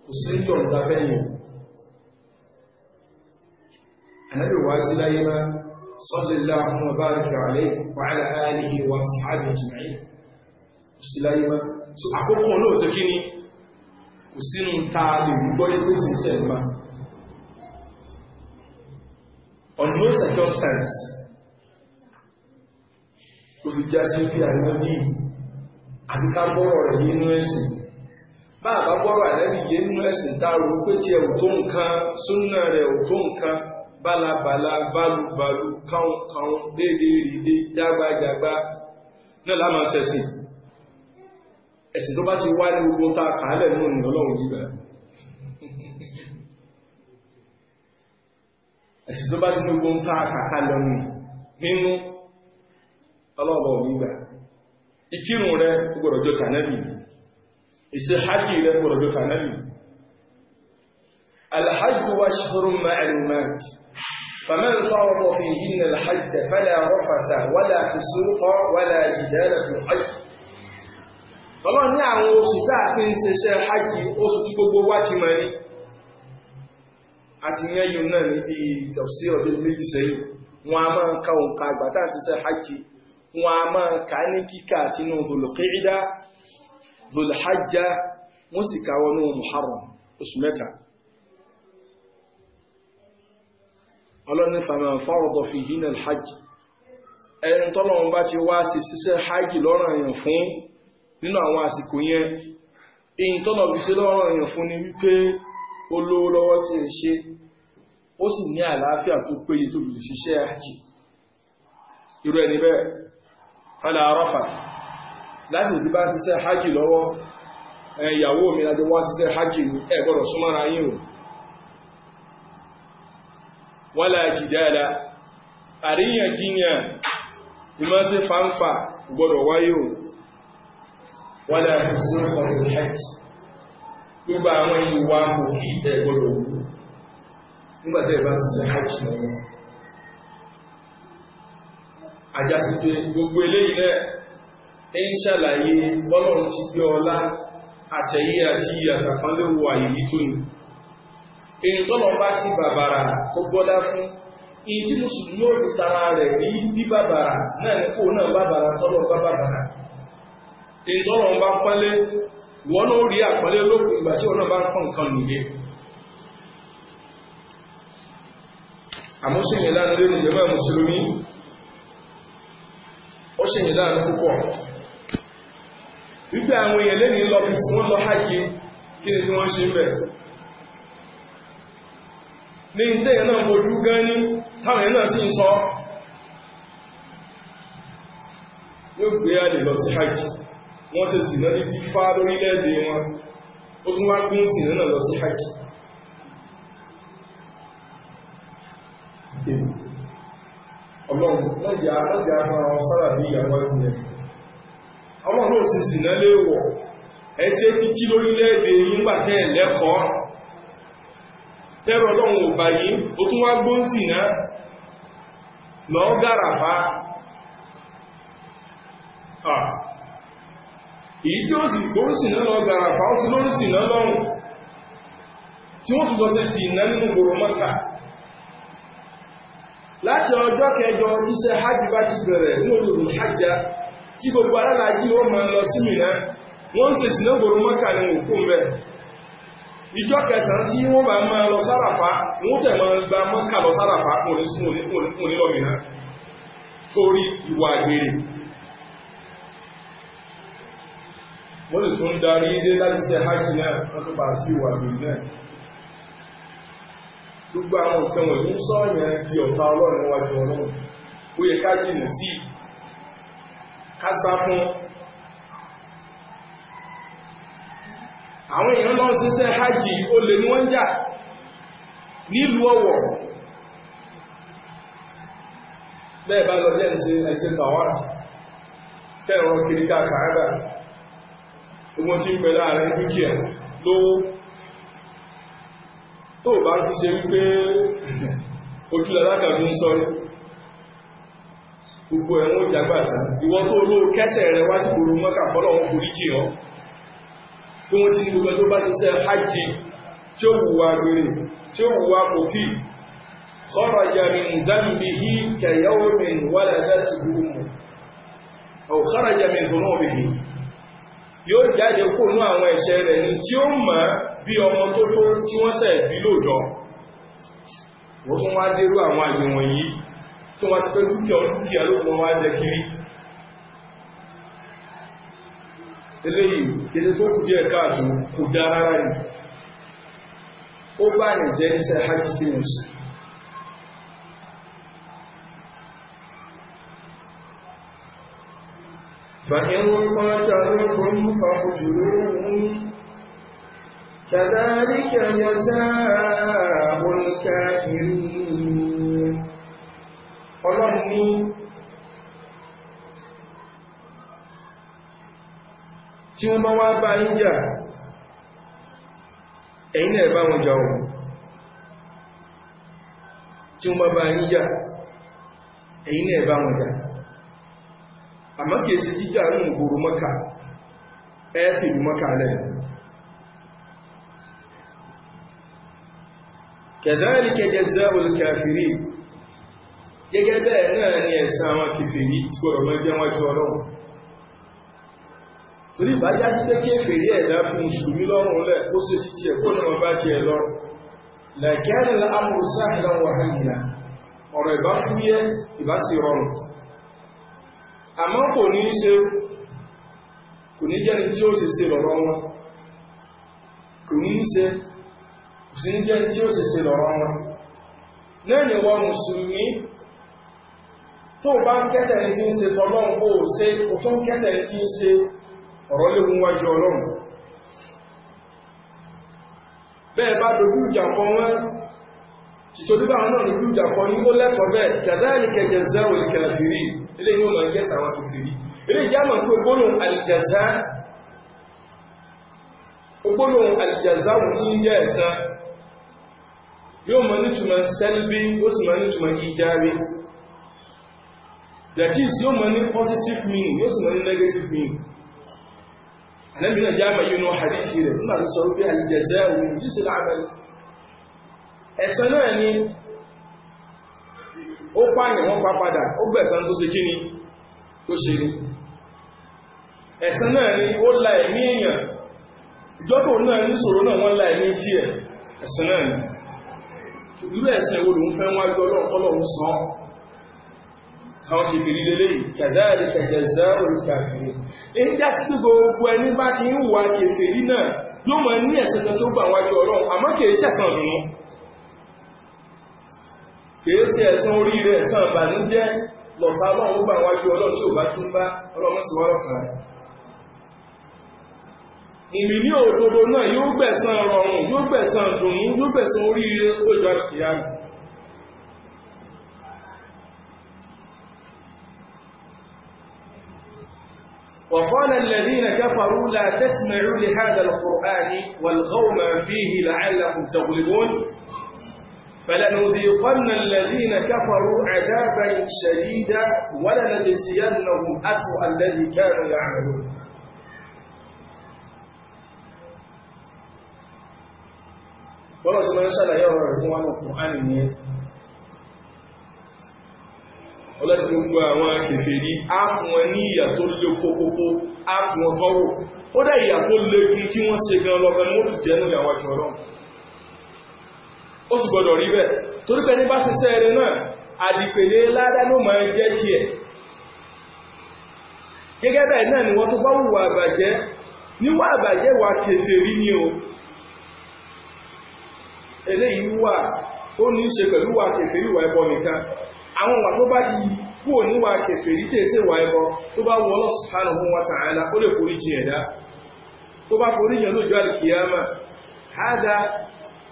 kò sí ní yọ̀ǹda fẹ́yìn ànábì wá sí láyé má sọ́lẹ̀lá àwọn ọba rẹ̀ fẹ́ wàhálà áàlì wà sí àbẹ̀jìmáyé kò sí láyé má so àkókò náà ṣe kí ni kò sínú ta lè gbọ́ yẹ́ pèsè iṣẹ́ ìgbà on no circumstance ó fi já sí bí àwọn ní àbíká gbọ́rọ̀ rẹ̀ nínú ẹ̀sìn bá àbá gbọ́rọ̀ àlẹ́bí yé nínú ẹ̀sìn táàrù pé tí ẹ̀ tó nǹkan súnà rẹ̀ ò tó nǹkan bálabàla bálubàlu káunkáun déédéé rídé jágbájágbá náà lámà sẹ̀sìn ẹ̀sìn tó bá ti wá ní gbogbo ta kàálẹ̀ ni ìrìn ọlọ́run yìí bẹ̀rẹ̀ ẹ̀sìn tó bá ti gbogbo ta kàkàlẹ̀ nínú ọlọ́run yìí bẹ̀rẹ̀ ìkírun rẹ gbọ́dọ̀ jọ tànẹ́bì ìṣe hajj rẹ gbọ́dọ̀ jọ tànẹ́bì alhajj wa ṣhurun ma'lumat فمن فرض فيهن الحج فلا رفث ولا فسوق ولا جدال في الحج ọlọ́run ní àwọn oṣù tá a fi ń ṣeṣẹ́ hajj oṣù tí gbogbo wa ti mọ̀ ní àti yẹn yìí náà níbi ìtọ̀sí ọdún méjì sẹ́yìn wọn a máa ń ka òǹkà àgbà tá a ṣiṣẹ́ hajj wọn a máa ka ní kíkà àtinú zolokirida zolhajja wọ́n sì ka wọnú muharram oṣù mẹ́ta ọlọ́ni fàmàn fọ́rọ̀dọ̀ fi hínà hajj ẹni tọ́lọ́run bá ti wá sí ṣiṣẹ́ hajj lọ́rọ̀ yẹn fún nínú àwọn àsìkò yẹn èyí tọ́nà fi ṣe lọ́rọ̀ èèyàn fún ni wípé ó lówó lọ́wọ́ tí ẹ ṣe ó sì ní àlàáfíà tó péye tó lè ṣiṣẹ́ àjì irú ẹni bẹ́ẹ̀ fálà arọ́fà láti ìdí bá ṣiṣẹ́ hajj lọ́wọ́ ìyàwó mi láti wá ṣiṣẹ́ hajj ní ẹ gbọ́dọ̀ súnmọ́ra yín o wala jidala àríyànjiyàn ìmọ́sí fanfa gbọ́dọ̀ wáyé o wọ́n láti sí ọ̀rọ̀ hajj gbogbo àwọn ìwà kò kí ẹgbọ́dọ̀ wù nígbàtẹ́ ìbá sí hajj lọ́wọ́ àjásí pé gbogbo eléyìí ń ṣàlàyé bọ́lọ̀run ti gbé ọlá àtẹ̀yí àti àtàkánlẹ̀ wà ìtọ́rọ̀ ń bá pọ́nlé wọ́n na rí àpọ́nlé lókùn ìgbà tí wọ́n náà bá ń pọ́n nǹkan nìyẹn àmọ́ sì yìn láàrín lórí ìjọba mùsùlùmí ó sì yìn púpọ̀ wípé àwọn èèyàn lẹ́ni lọ bí lọ hajj kí ni tí wọ́n ṣe bẹ̀ ní ìtẹ́ ìyẹn náà gan ní táwọn hajj wọ́n ṣe sìnà ní tí fá lórílẹ̀-èdè wọn ó tún wá gún sìnà náà lọ sí hajj ọlọ́run lọ́jà lọ́jà ara wọn sára ní ìyàwó ẹgbẹ́ àwọn náà sì sìnà léèwọ̀ ẹsẹ́ títí lórílẹ̀-èdè nígbà tẹ́ ẹ̀ lẹ́kọ̀ọ́ tẹ́rọ ọlọ́run ò bá yìí ó tún wá gbóǹsì náà lọ́ọ́ gàràfà èyí tí ó sì gbórísì náà lọ gbàrà pa ó ti lórísì náà lọ́rùn tí wọ́n tún lọ sí ti ìná nínú gbòrò mọ́ta láti ọjọ́ kẹjọ tíṣẹ́ hajj bá ti bẹ̀rẹ̀ ní olùrùn hajjá tí gbogbo alálàájí ó máa lọ sí mìíràn wọ́n ń sèsì náà gbòrò mọ́ta ní òkú mẹ́ ìjọ kẹsàn-án tí wọ́n bá máa lọ sáràfá wọ́n tẹ̀ máa gba mọ́ta lọ sáràfá kò ní lọ mìíràn torí wọ́n lè tún darí dé láti ṣe hajj náà wọ́n tó bá sí ìwà bìí náà gbogbo àwọn nǹkan wọ̀nyí ń sọ ìyẹn di ọ̀tá ọlọ́run níwájú ọlọ́run ó yẹ ká jìnà sí kásá fún àwọn èèyàn lọ ṣiṣẹ́ hajj ó lè ní wọ́n jà nílùú bẹ́ẹ̀ bá lọ jẹ́ ogun tí ń bẹ láàrin dúkìá lówó tó bá fi ṣe wípé ojúlalákàbí ń sọ gbogbo ẹ̀wọ̀n ìjàgbàṣà ìwọ tó ló kẹsẹ̀ rẹ wá sí gbòrò mọ́kà fọ́lọ̀ wọn kò ríjì wọ́n ti ní gbogbo tó bá ti yóò jáde kó nú àwọn ẹ̀ṣẹ̀ rẹ̀ ní tí ó mọ̀ bí ọmọ tó tó tí wọ́n ṣẹ̀ bí lóòjọ́ wọ́n tún wá dérú àwọn àjò wọ̀nyí tó wá ti pé dúkìá dúkìá ló kún wá jẹ kiri eléyìí kéde tó kù díẹ̀ káàtó kò dá rárá ni ó bá ní jẹ́ iṣẹ́ hajj films فإن قتلوا فاهجروهم كذلك جزاء الكافرين ọlọ́run ní tí wọ́n bá wá bá ń jà ẹ̀yin náà bá wọn jà ohun tí wọ́n bá bá ń jà ẹ̀yin náà bá wọn jà àmọ́ jíjà ní ìgboro mọ́kàá ẹ fi ìlú mọ́kà lẹ̀ kadhalika jazaa'ul kafirin gẹ́gẹ́ bẹ́ẹ̀ náà ni ẹ̀san àwọn kèfèrí tí kò rọ̀mọ́ jẹ́ wọ́n ti ọlọ́run torí bá yá sí pé kéfèrí ẹ̀dá fún mùsùlùmí lọ́rùn lẹ̀ ó sì ti tiẹ̀ kó náà bá tiẹ̀ lọ làkẹ́rì kò ní jẹ́ni tí ó sì ṣe lọ́rọ̀ wọn kò ní ṣe kò sí ní tí ó sì ṣe lọ́rọ̀ wọn náà ni wọ́n mùsùlùmí tó bá ń kẹ́sẹ̀ ní tí ń ṣe tọ́lọ́run kó o ṣe kò tó ń kẹ́sẹ̀ ní tí ń ṣe ọ̀rọ̀ léwu wájú ọlọ́run bẹ́ẹ̀ bá dojú ìjà wọn tìtorí náà ní ìjà kan ó lẹ́tọ̀ọ́ bẹ́ẹ̀ kẹ̀dá ìkẹjẹ zẹ́wò ìkẹlẹ̀ ilé yóò máa jẹ́ sàwọn tó fi rí ilé ìjámọ̀ pé gbólóhùn alìjàzá gbólóhùn alìjàzá wù tí ń jẹ́ ẹ̀san yóò máa nítumọ̀ sẹ́lbí ó sì máa nítumọ̀ ìjáre that is yóò máa ní positive meaning yóò sì máa ní negative meaning Ànábì náà jáàmà yìí nù hadithi rẹ̀ nígbà tó sọ wípé alìjàzá wù ní jísìlá àmàlì ẹ̀san náà ni ó pààyàn wọ́n pa padà ó gbẹ̀san tó ṣe kíni tó ṣe ní ẹ̀san náà ni ó la ẹ̀mí èèyàn ìjọ́tò náà ní ṣòro náà wọ́n la ẹ̀mí tí ẹ̀ ẹ̀san náà ni irú ẹ̀san wo lòun fẹ́ wájú ọlọ́run sàn àwọn kìfìrí lélẹ́ kàdáàrí kàjẹ̀zá olùkàfìrí in já sí gbogbo ẹni bá ti ń wà kèfèrí náà yóò mọ̀ ní ẹ̀san tó kìí ẹ̀san orí rẹ̀ ẹ̀san ní jẹ́ lọ̀tá lọ́wọ́ gbà wájú ọlọ́run tí ò bá tí ń bá ọlọ́run rẹ̀ ìrìn òdodo náà yóò gbẹ̀san rọrùn فلنذيقن الذين كفروا عذابا شديدا ولنجزينهم أسوأ الذي كانوا يعملون bọ́lá sí máa ń ṣàlàyé ọ̀rọ̀ rẹ̀ fún wa ní Kùránì ní ọlọ́dún gbogbo àwọn kèfèrí ápùn ní ìyà tó lé fókókó ápùn ọ̀tọ́rọ̀ ó dá ìyà tó lé kí tí wọ́n ṣe gan lọ́gbẹ̀ẹ́ mọ́tù jẹ́ ní ó sì gbọdọ̀ rí bẹ́ẹ̀ torí pé ní bá ṣiṣẹ́ rẹ náà àdìpèlé ládá ma máa jẹ́ tiẹ̀ gẹ́gẹ́ bẹ́ẹ̀ náà ni wọ́n tó bá wùwà àbàjẹ́ níwà àbàjẹ́ wà rí ni o eléyìí wà ó ní ṣe pẹ̀lú wà kèfè rí wà ẹbọ nìkan àwọn wà tó bá ti kúrò níwà rí tèsè wà ẹbọ tó bá wọ wa ta'ala ó lè forí jìn ẹ̀dá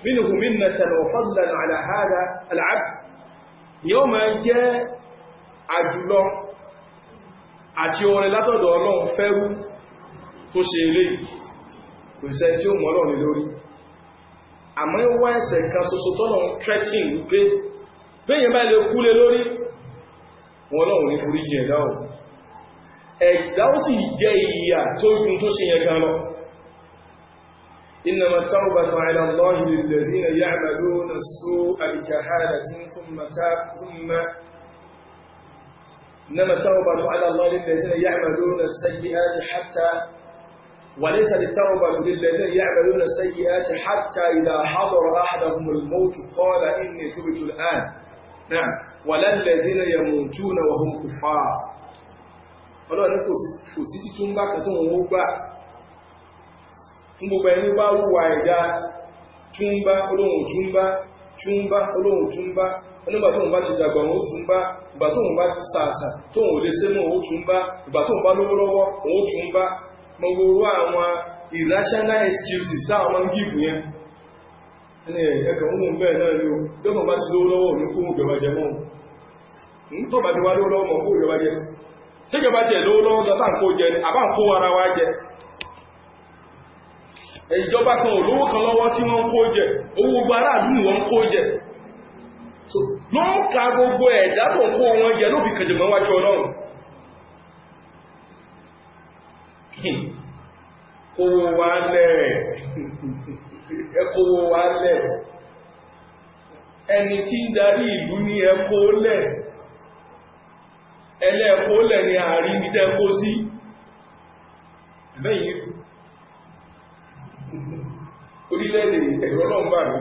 منه منة وفضلا على هذا العبد يوم جاء jẹ́ àjùlọ àti orin látọ̀dọ̀ ọlọ́run fẹ́rú tó ṣe ilé kò sẹ́ tí ó mọ́lọ̀ ní lórí àmọ́ ìwọ́ ẹ̀sẹ̀ kan ṣoṣo tọ́lọ̀ ń trẹ́tìn wípé bẹ́yìn bá lè kú lé lórí wọn lọ́wọ́ ní foríjì ẹ̀dá ò ẹ̀dá ó sì jẹ́ ìyà tó gùn tó ṣe yẹn kan lọ إنما التوبة على الله للذين يعملون السوء بجهالة ثم تاب ثم إنما التوبة على الله للذين يعملون السيئات حتى وليس التوبة للذين يعملون السيئات حتى إذا حضر أحدهم الموت قال إني تبت الآن نعم ولا الذين يموتون وهم كفار ọlọ́run kò sí títún bá kan gbogbo ẹni bá wùwà ẹ̀dá túnbá olóhùn túnbá túnbá olóhùn túnbá onígbà tóun bá ti dàgbà òun túnbá ìgbà bá ti sàásà tóun ò lè òun túnbá ìgbà tóun bá lówó òun túnbá gbogbo àwọn irrational excuses táwọn ń gíìfù yẹn ẹni ẹ̀kàn ó mú bẹ́ẹ̀ náà ìjọba kan olówó kan lọ́wọ́ tí wọ́n kó jẹ owó gbogbo aráàlú ni wọ́n ń kó jẹ ló ń ka gbogbo ẹ̀dá tó ń kó wọn jẹ ló fi kẹjọgbọ́n wájú ọlọ́run kówó wá lẹ̀ ẹkówó wá lẹ̀ ẹni tí ń darí ìlú ní ẹkó lẹ̀ ẹlẹ́ẹ̀kó lẹ̀ ni àárín ní tẹ́kó sí orílẹ̀-èdè ẹ̀rọ náà bà mí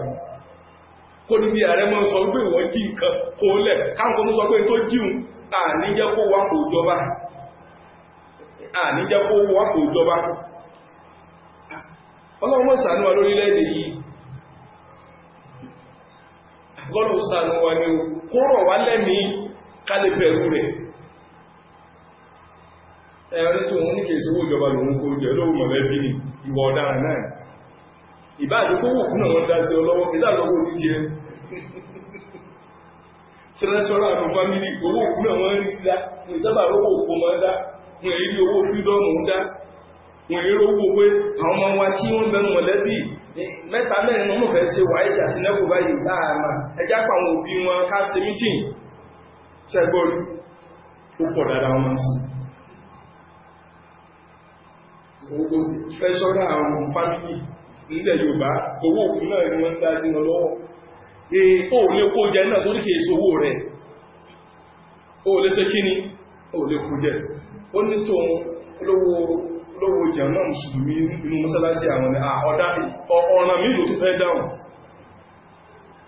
kó níbi ààrẹ mọ́ sọ pé wọ́n jí nǹkan kó lẹ̀ káwọn kan sọ pé tó jíun àníjẹ́ kó wá kò jọba àníjẹ́ kó wá kò jọba ọlọ́run mọ́ ṣàánú wa lórílẹ̀-èdè yìí lọ́rùn ṣàánú wa ni kó rọ̀ wá lẹ́mìí kálẹ̀ bẹ̀rù rẹ̀ ẹ̀rọ tó ń ní kèsí owó ìjọba lòun kó jẹ́ lóhùn mọ̀lẹ́bí ìwọ̀ ọ̀daràn náà ìbáàdókówò kúnnà wọn dá sí ọlọ́wọ́ ìdáàlọ́wọ́ orí jẹ́ tẹ́lẹ́sọ́rọ̀ àwọn fámílì owó kúnnà wọn rí dá ní sábà owó òkú máa dá wọn èrí owó fídọ́mù dá wọn èrí owó pé àwọn ọmọ wa tí wọ́n bẹnu mọ̀lẹ́bí mẹ́ta mẹ́rin ọmọ fẹ́ ṣe wà ìjà sí lẹ́kọ̀ọ́ báyìí láàmà ẹjá pa àwọn òbí wọn ká ṣe mítìn ṣẹgbọ́rí ó pọ̀ dáadáa wọn sí fẹ́ sọ́rọ̀ àwọn fámílì nílẹ̀ Yorùbá owó òkú náà ni wọ́n ń wọn lọ́wọ́ èèpò lè kó jẹ náà rẹ̀ lè ṣe kí ni O lè kó jẹ ní tó olówó jàmá mùsùlùmí inú mọ́sálásí àwọn ni mílò tó fẹ́ dáhùn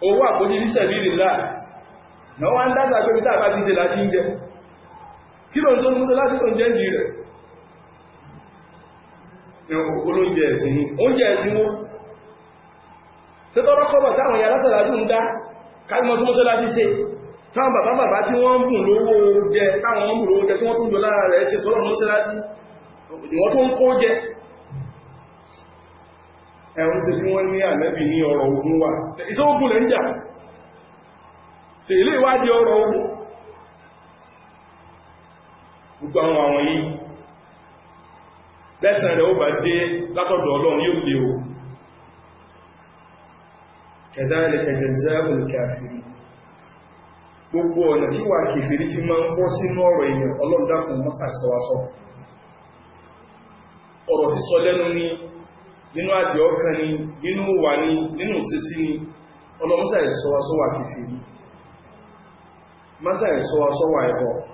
owó àpójí ní sẹ̀bílì láà náà wá ń dáta olóúnjẹ ẹ̀sìn ní oúnjẹ ẹ̀sìn wó ṣe tọ́rọ kọ́bọ̀ táwọn yàrá sàlájú ń dá kágbọ́n tó mọ́sọ́lájú ṣe táwọn bàbá bàbá tí wọ́n ń bùn lówó jẹ tí wọ́n tún lára rẹ̀ ṣe tọ́rọ gbogbo àwọn àwọn yìí lẹ́sàn rẹ̀ ó bá dé látọ̀dọ̀ ọlọ́run yóò lè o kadhalika jazaa'ul kafirin gbogbo ọ̀nà tí wà kèfèrí ti máa ń bọ́ sínú ọ̀rọ̀ èèyàn ọlọ́run dákun sọwasọ ni ninu ni ninu ni ninu ni wa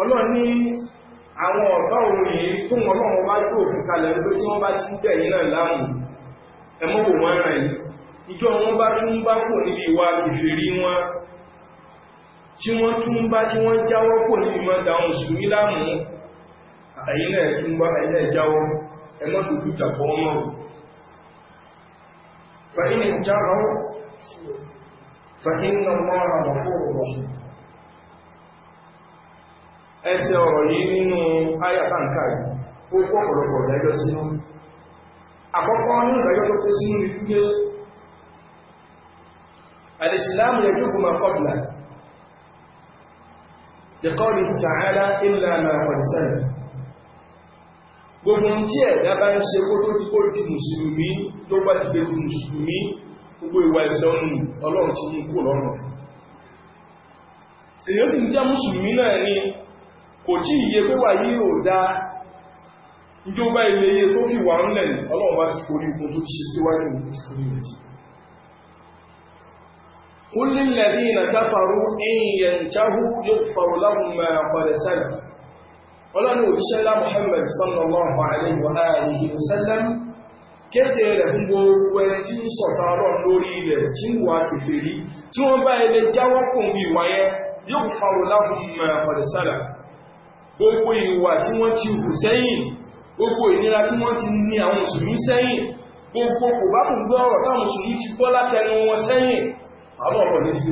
ọlọ́run ní àwọn ọ̀gá òun yìí fún ọlọ́run bá gbé òfin kalẹ̀ ń pé tí wọ́n bá sí tẹ̀yìn náà láàmù ẹmọ́ wò wọ́n rìn ìjọ wọn bá tún bá kò níbi ìwà ìfèrí wọn tí wọ́n tún bá tí wọ́n jáwọ́ kò níbi mọ́ dáhùn sùúrí láàmù àyín náà tún bá àyín náà ẹsẹ̀ ọ̀rọ̀ yìí nínú ayàtàǹkà yìí ó kọ́ ọ̀pọ̀lọpọ̀ ìdájọ́ sínú àkọ́kọ́ nínú ìdájọ́ tó kó sínú ìdílé alìsìláàmù yẹ jókòó ma fọ́bùlà ìkọ́lù tààlà ilẹ̀ àmàkọ̀sẹ̀ gbogbo tí ẹ̀dá bá ń ṣe kó tó ti kó di èyí ó sì ń jẹ́ mùsùlùmí náà ní kò tí ìyẹ pé wà yí ò dáa ìjọba ilé iye tó fi wà ńlẹ̀ ọlọ́run bá ti forí ikun tó ti ṣe síwájú ní ìforí kéde rẹ̀ fún gbogbo ẹni tí ń sọ̀tà ọlọ́run lórí ilẹ̀ tí ń wà kèfèrí tí wọ́n bá ilé jáwọ́ kùn ìwà yóò fàrù láhùn máa padà sẹ́lẹ̀ gbogbo ìwà tí wọ́n ti hù sẹ́yìn gbogbo ìnira tí wọ́n ti ní àwọn mùsùlùmí sẹ́yìn gbogbo kò bá kò gbọ́ ọ̀rọ̀ táwọn mùsùlùmí ti gbọ́ látẹnu wọn sẹ́yìn àwọn ọ̀pọ̀ lè fi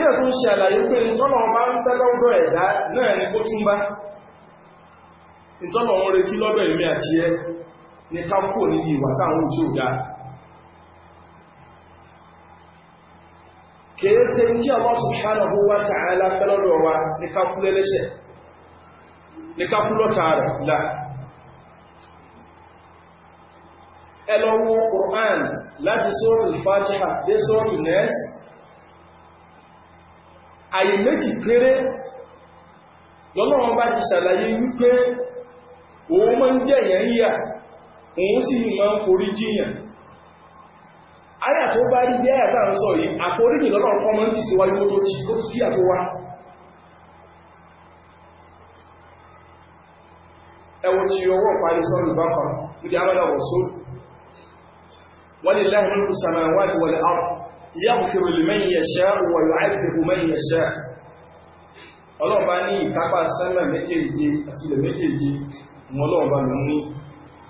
tó ń ṣe àlàyé pé tọ́lọ̀ bá ń tẹ́lọ́gbọ́ ẹ̀dá náà ni kó túnbá ìtọ́nà wọn retí lọ́dọ̀ ìmẹ́ àti ẹ́ ní kápò níbi ìwà táwọn tí ó dá kìí ṣe tí Allah subhanahu wa ta'ala fẹ́lọ́dọ̀ wa ní kápò lẹ́lẹ́ṣẹ̀ ní kápò lọ́ta lá ẹlọ́wọ́ Qur'an láti suratul Fatiha dé suratul Nas àyè méjì péré lọ́lọ́wọ́n bá ti ṣàlàyé wípé òun máa ń jẹ̀yàn yíyà òun sì máa ń forí jíyàn ayà tó bá rí bí ayà tá ń sọ yìí àforíjì lọ́nà ọkọ̀ máa ń tì síwájú tó ti kó tí àtó wá ẹwọ tí ọwọ́ parí sọ́rọ̀ ìbáfà níbi abẹ́lẹ̀wọ̀ só wọ́n ní ìkápá sánmà méjèèje àti ilẹ̀ méjèèje òun ọlọ́run bá ló ń ní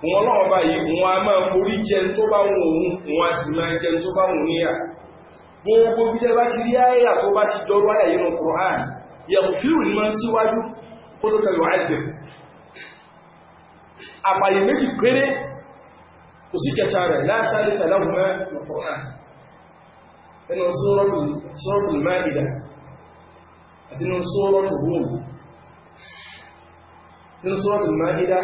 òun ọlọ́run bá yìí òun a máa forí jẹ́ tó bá wọn òun òun a sì máa jẹ́ tó bá wọn níyà gbogbo bí jẹ́ bá ti rí àyà tó bá ti dọ́rọ́ àyà yìí nù Qur'an yẹ̀kù fíìrù ni máa ń síwájú kó tó kẹlẹ̀ wáyé bẹ̀rù àpàyè méjì péré kò sí kẹta rẹ̀ látàrí tàlàhùmá nù Qur'an ẹnu suratul Ma'idah àti nù suratul Rum من سورة المائدة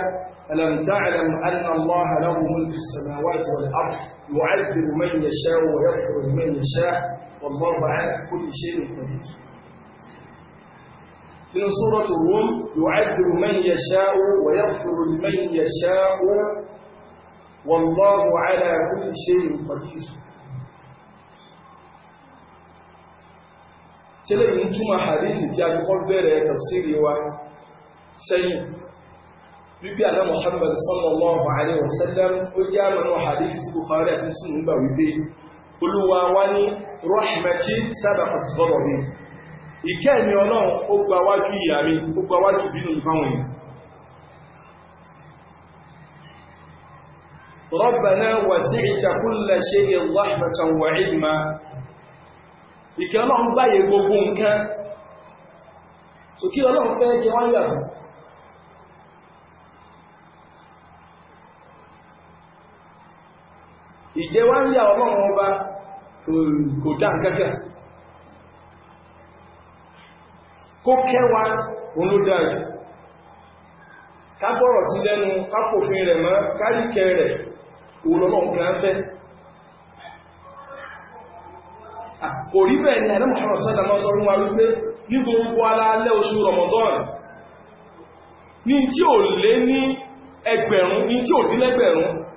ألم تعلم أن الله له ملك السماوات والأرض يعذب من يشاء ويغفر لمن يشاء والله على كل شيء قدير في سورة الروم يعذب من يشاء ويغفر لمن يشاء والله على كل شيء قدير تلاقي ń túmọ̀ àdísì tí a kọ́kọ́ bẹ̀rẹ̀ tafsiri wípé àná Muhammad sallallahu alaihi wasallam ó jẹ́ àmànà hadith tí Bukhari àti Muslim gbà wípé olúwa wá ní rahmatí sabaqat ghadabi ìkẹ́ mi ọlọ́run ó gba wájú ìyà mi ó gba wájú bínú ìfáwọn èèyàn ربنا وسعت كل شيء رحمة وعلما ìkẹ́ ọlọ́run gbáyé gbogbo nǹkan so kí ọlọ́run fẹ́ jẹ wáyé àbúrú ìjẹ wá ń yà ọlọ́run ọba kò dá nǹkankan kó kẹwa òun ló dáa jù ká gbọ́rọ̀ sí lẹ́nu ká pòfin rẹ̀ mọ́ káríkẹ́ rẹ̀ òun kan fẹ́ orí bẹ́ẹ̀ ni àdá Muhammad sallallahu alaihi wasallam máa wípé ní gbogbo alálẹ́ oṣù Ramadan ní tí ò lé ní ẹgbẹ̀rún ní tí ò dín lẹ́gbẹ̀rún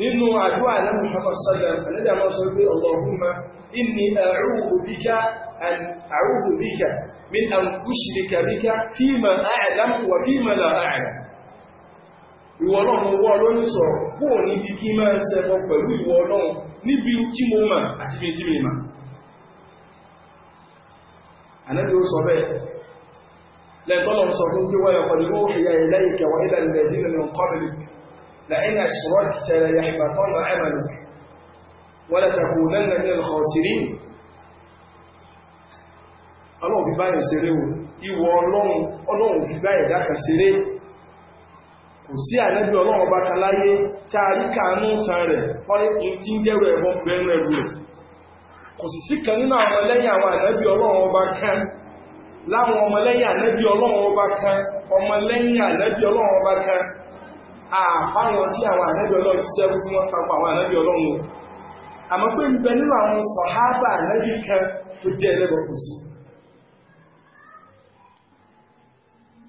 nínú àdúwà náà Muhammad sallam alẹ́dà máa sọ pé Allahumma inni a'udhu bika an a'udhu bika min an ushrika bika fima a'lam wa fima la a'lam ìwọ Ọlọ́run wọ́ lórí sọ̀rọ̀ kó níbi kí máa ṣẹbọ pẹ̀lú ìwọ Ọlọ́run níbi tí mo mà àti fi tí mi mà ànábì ó sọ لئن أشركت ليحبطن عملك ya من الخاسرين ọlọ́run fi báyìí ṣeré o ìwọ ọlọ́run ọlọ́run fi báyìí dákà ṣeré kò sí ànẹ́bí ọlọ́run bá ká láyé tààrí kàánú tàn rẹ̀ wọ́n tí ń jẹ́rọ rẹ̀ kò sì sí kan nínú àwọn ẹlẹ́yìn àwọn àbáyọ tí àwọn ànábì ọlọ́run ti tí wọ́n tapọ̀ àwọn ànábì ọlọ́run àmọ́ pé ń bẹ nínú àwọn sọ̀hábà ànábì kan tó jẹ́ ẹlẹ́bọ sí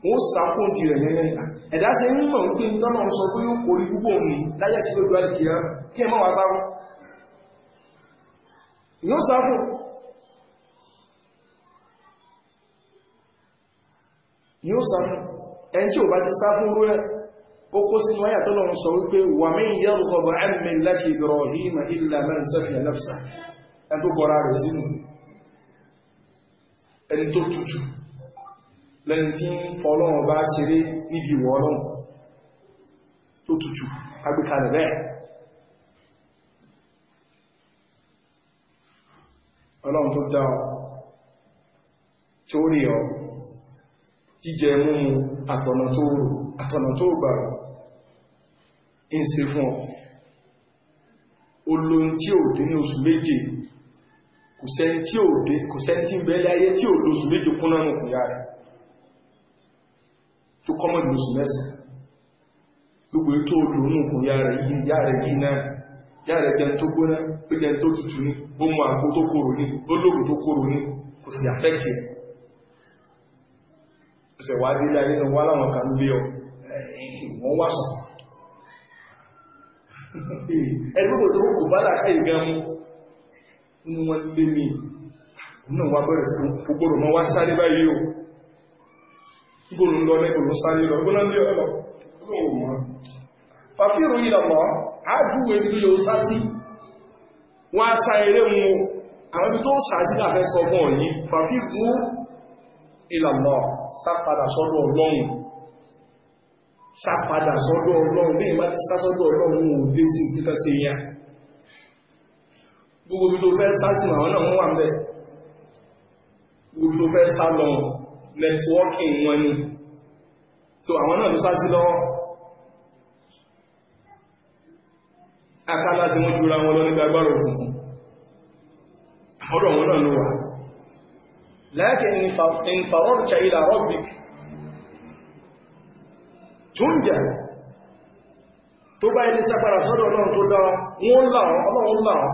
wọ́n sàkó di rẹ̀ yẹn ẹ̀dá ṣe ń mọ̀ wípé ń tọ́nà sọ pé yóò púpọ̀ mi láyé tí ó kí ẹ wá sáwọ́ ó kó sínú ayà tó lọ́run sọ wípé wà mí yẹ́rù ọba ẹ̀mí láti Ibrahim ilẹ̀ mẹ́rìnsẹ́fì ẹlẹ́fṣà ẹni tó gbọ́ra rẹ̀ sínú ẹni tó tutù lẹ́ni tí ń fọlọ́run bá ṣeré níbi ìwọ̀ ọlọ́run tó tutù ń ṣe fún ọ olóhun tí ò dé ní oṣù méje kò sẹ́ni tí ò dé kò sẹ́ni tí ń bẹ láyé tí ò lóṣù méje kúnná nù kù yára tó kọ́mọ̀ lóṣù mẹ́sàn gbogbo ètò olóhun nù kù yára yìí náà yára jẹun tó gbóná ó tó tutù ní ó tó kóró ní kò sì àfẹ́kì wọ́n wá sọ̀rọ̀ Eh, ẹgbẹ́ tó kò bá láti ìgá mú inú wọn lé mi náà wà bẹ̀rẹ̀ sí gbogbo mọ́ wá sáré báyìí o gbogbo lọ lẹ́gbogbo sáré lọ gbọ́nà sí ọ̀rọ̀ fàfíìrù ìlọ̀pọ̀ ájúwé bí yóò sá sí wọ́n á sá eré mú àwọn ibi tó sá sí láfẹ́ sọ fún ọ̀yí fàfíìrù ìlọ̀pọ̀ sá sọ́dọ̀ ọlọ́run sápadà sọ́dọ̀ ọlọ́run bí ìbá ti sásọ́dọ̀ ọlọ́run ò dé sí títà sí ìyá gbogbo bí tó fẹ́ sásì àwọn náà wọ́n wà ń bẹ̀ gbogbo tó fẹ́ sá lọ nẹtíwọ́kìn wọn ni tó àwọn náà ló sásì lọ́wọ́ akálá sí wọ́n jura wọn lọ nígbà agbára òkùnkùn ọ̀rọ̀ wọn náà ló wà láàkín ìfàwọ́rùcha ilà rọ́bìkì túnjẹ tó bá ilé sagbára sọ́dọ̀ ọlọ́run tó dá wọn láwọn ọlọ́run láwọn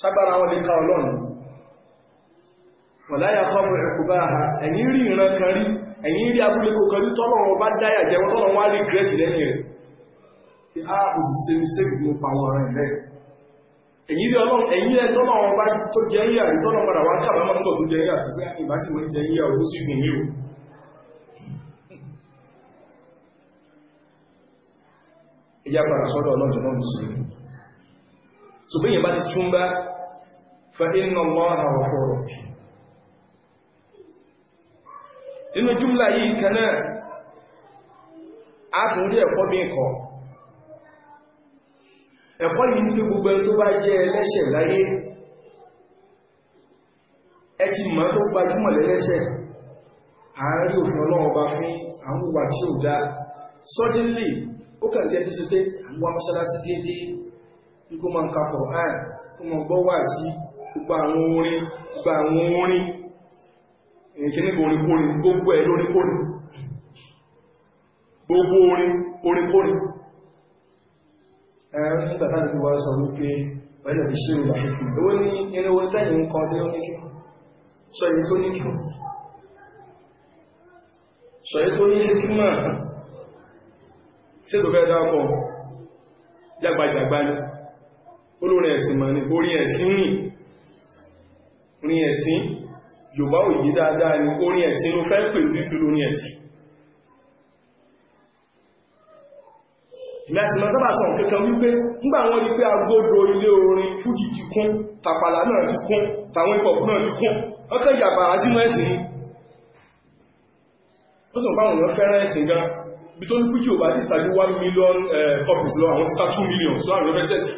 sagbára wọn lè ká ọlọ́run wọ̀lá yà kọ́ bẹ̀rẹ̀ kò bá ha ẹ̀yìn rí ìran kan rí ẹ̀yìn rí abúlé kò kan rí tọ́lọ́run bá dáyà jẹ wọ́n tọ́lọ́run wá rí gírẹ́tì lẹ́yìn rẹ̀ pé a ah, kò sì ṣe ní ẹjá padà sọ́dọ̀ ọlọ́dún náà sí so bí yẹn bá ti tún bá fa inna Allaha ghafurur rahim inú jùmlá yìí kanáà a tún rí ẹ̀kọ́ bí kọ ẹ̀kọ́ yìí ní gbogbo ẹni tó bá jẹ́ ẹlẹ́ṣẹ̀ láyé ẹ ti mọ̀ tó gbajúmọ̀ lẹ́lẹ́ṣẹ̀ àárí òfin ọlọ́wọ́ bá fún àwọn ìwà tí ó dá suddenly ó kàn jẹ́ díṣe pé àwọn mọ́sálásí déédéé ikú máa ń ka Qur'an tó mọ̀ gbọ́ wà sí gbogbo àwọn orin gbogbo àwọn orin ìkíní orinkorin gbogbo ẹ̀ lórinkorin gbogbo orin orinkorin ẹ̀rọ nígbà táwọn ìwà sọ wípé pẹ̀lú ìṣirò àfikún owó ní irin orin tẹ́yìn nǹkan tí ó ní kí sọ èyí tó ní kí sọ èyí tó ní kí máa ṣe tó fẹ́ dákọ̀ jágbàjàgbà ní olórin ẹ̀sìn mọ̀ ní orí ẹ̀sìn rìn orin ẹ̀sìn Yorùbá òyí dáadáa ní orin ẹ̀sìn ló fẹ́ pè ní ìlú orin ẹ̀sìn ìmẹ́sìn mọ́ sábà sọ̀rọ̀ kankan wípé nígbà wọ́n rí pé agbódo ilé orin fújì ti kún tàpàlà náà ti kún tàwọn ìpọ̀pù náà ti kún ọkọ̀ ìyàbàrá sínú ẹ̀sìn ó sì ń bá wọn fẹ́ràn ẹ̀sìn gan bí tó ní píjì ò bá ti tàbí 1 million eh, copies lọ àwọn síta 2 million so àwọn ẹgbẹ́sẹ̀ sí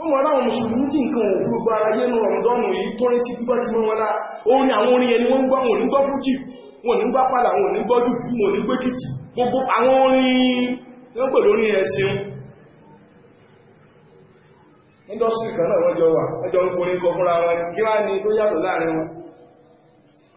ó mọ̀ aláwọn mùsùlùmí tí nǹkan òkú gbogbo ara yé ní ọ̀rọ̀dọ́nù yìí tó rí tí gbígbá ti mọ́ wọn láà orin àwọn orin ẹni wọ́n gbọ́ wọn ní gbọ́ fújì wọn ní gbá pàlà wọn ní gbọ́ jùjú wọn ní gbé kìtì gbogbo àwọn orin wọ́n pè lórí ẹ̀sìn indọ́sírì kan náà wọ́n jọ wà wọ́n jọ ń kọrin kọ fúnra wọn kíláà ni tó yàtọ̀ láàrin wọn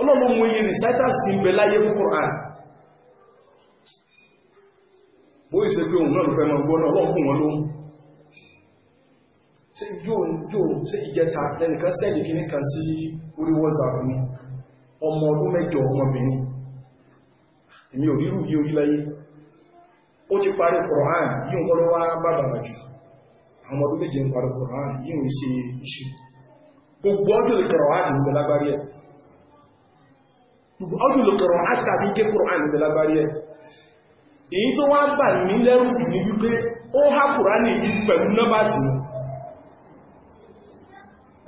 ọlọ́run mú iye recitals ti ń bẹ láyé fún Quran bó ìṣe pé òun náà ló fẹ́ wọn lóhun yóò yóò ìjẹta lẹ́nìkan sẹ́ẹ̀dì kìíní kan sí orí WhatsApp ọmọ ọdún mẹ́jọ ọmọbìnrin èmi ò rírù yí orí láyé ó ti parí Quran yí ń kọ́lọ́wá jù àwọn ọdún méje ń parí Quran yí ń gbogbo ọdún ti ń bẹ lágbárí ọdún lò kọ̀rọ̀ aṣàbí ké kùránì ìdẹ̀lágbárí ẹ̀ èyí tó wá bà ní lẹ́rù jù ní wípé ó há kùránì yìí pẹ̀lú nọ́bàsì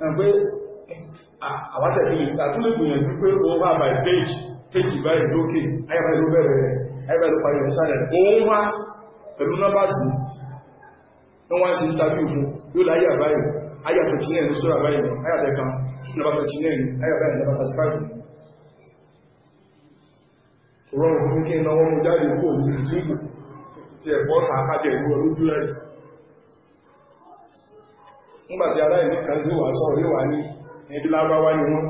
ẹgbẹ́ àwátẹ̀bí àtúlẹ̀ gbìyànjú pé ó wá by page page by lókè ayẹ́bẹ̀rẹ̀ ló bẹ̀rẹ̀ ayẹ́bẹ̀rẹ̀ parí ìrẹsàlẹ̀ òun wá pẹ̀lú nọ́bàsì wọ́n wá sí tàbí òfin yóò láyé àbáyé ayà 39 ní sọ́rọ̀ àbáyé ayà 10 nọ́bà 39 ayà 35 rọrùn fún kí náwọ́ mú jáde kó ní ìtúgbù tí ẹ̀bọ́ ta kájẹ̀ ìlú olójú rẹ̀ nígbàtí aláìní kan sí wà sọ orí wà ní ẹbí lágbàwá ni wọ́n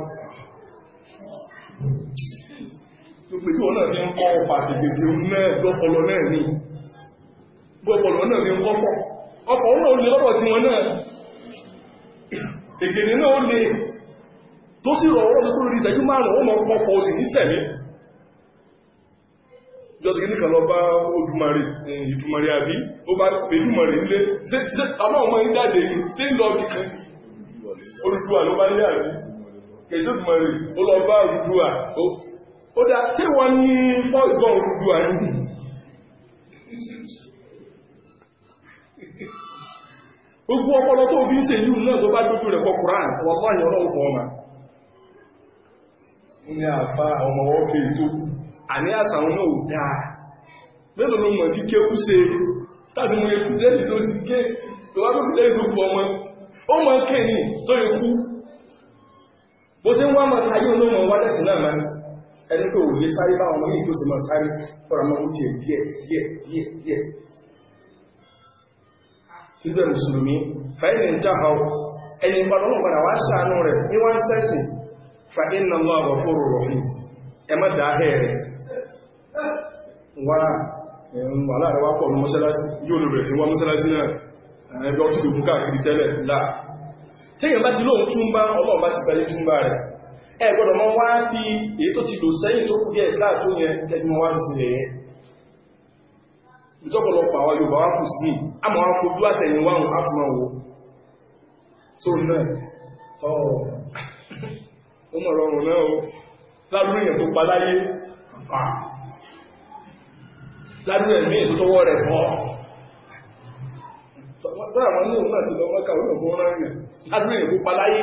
tí wọ́n náà fi ń kọ́ náà náà ní gbọ́pọlọ náà fi ń ọkọ̀ ó ọ̀rọ̀ tí wọ́n náà náà ó lè tó sì rọ̀ ọ̀rọ̀ tó ìṣẹ́jú márùn jọ́sí kí nìkan lọ bá Olùmarè eh, ìtumọ̀rẹ́ àbí ó bá pèlúmọ̀rẹ́ nílé ṣe àwọn ọmọ yìí jáde ní tí ń lọ bí kan Odùduwà ló bá nílé àbí kèsì Olùmarè ó lọ bá Odùduwà ó dá ṣé wọ́n ní first born Odùduwà ní gbogbo ọpọlọ tó fi ń ṣe yìí náà tó bá dójú rẹ̀ kọ Kùránì wọ́n bá yọ ọlọ́run ọmọ ní àfá ọmọ ọkẹ̀ tó kú àní àṣà wọn náà ò dáa mẹ́lò ló mọ̀ tí kéwú ṣe tàbí mo yẹ kú ké tó wá sẹ́yìn ọmọ ó mọ̀ ké ní tó yẹ kú bó ti ń wá mọ̀ táyé wá náà máa ẹni sáré bá yìí tó sì mọ̀ sáré díẹ̀ díẹ̀ díẹ̀ díẹ̀ mùsùlùmí ẹni padà wá ṣàánú rẹ̀ ní wọ́n sẹ́sìn wá ẹ̀rùn aláàrẹwà pọ̀ ní mọ́sálásí yóò lè bẹ̀rẹ̀ sí wá mọ́sálásí náà ẹgbẹ́ ọtí gbogbo káàkiri tẹ́lẹ̀ láà tẹ́yìn bá ti lóòun túnbá ọlọ́run bá ti gbáyé túnbá rẹ̀ ẹ gbọ́dọ̀ mọ́ wá bí èyí tó ti lò sẹ́yìn tó kú díẹ̀ láàtó yẹn tẹ́jú mọ́ wá ní sílẹ̀ yẹn ìjọpọ̀lọpọ̀ àwọn Yorùbá wá kù sí àmọ́ wá fojú àtẹ̀yìn wáhùn áfúnmọ́ wo tó náà tọ́ ọmọ ọ̀rọ̀ náà ó lábúrú yẹn tó pa láyé àfáà dárú ẹ̀mí ètò tọwọ́ rẹ̀ fọ́ bẹ́ẹ̀ wọn ní òun náà ti lọ mọ́ka òun náà fún rárẹ̀ ládú èyí kó pa láyé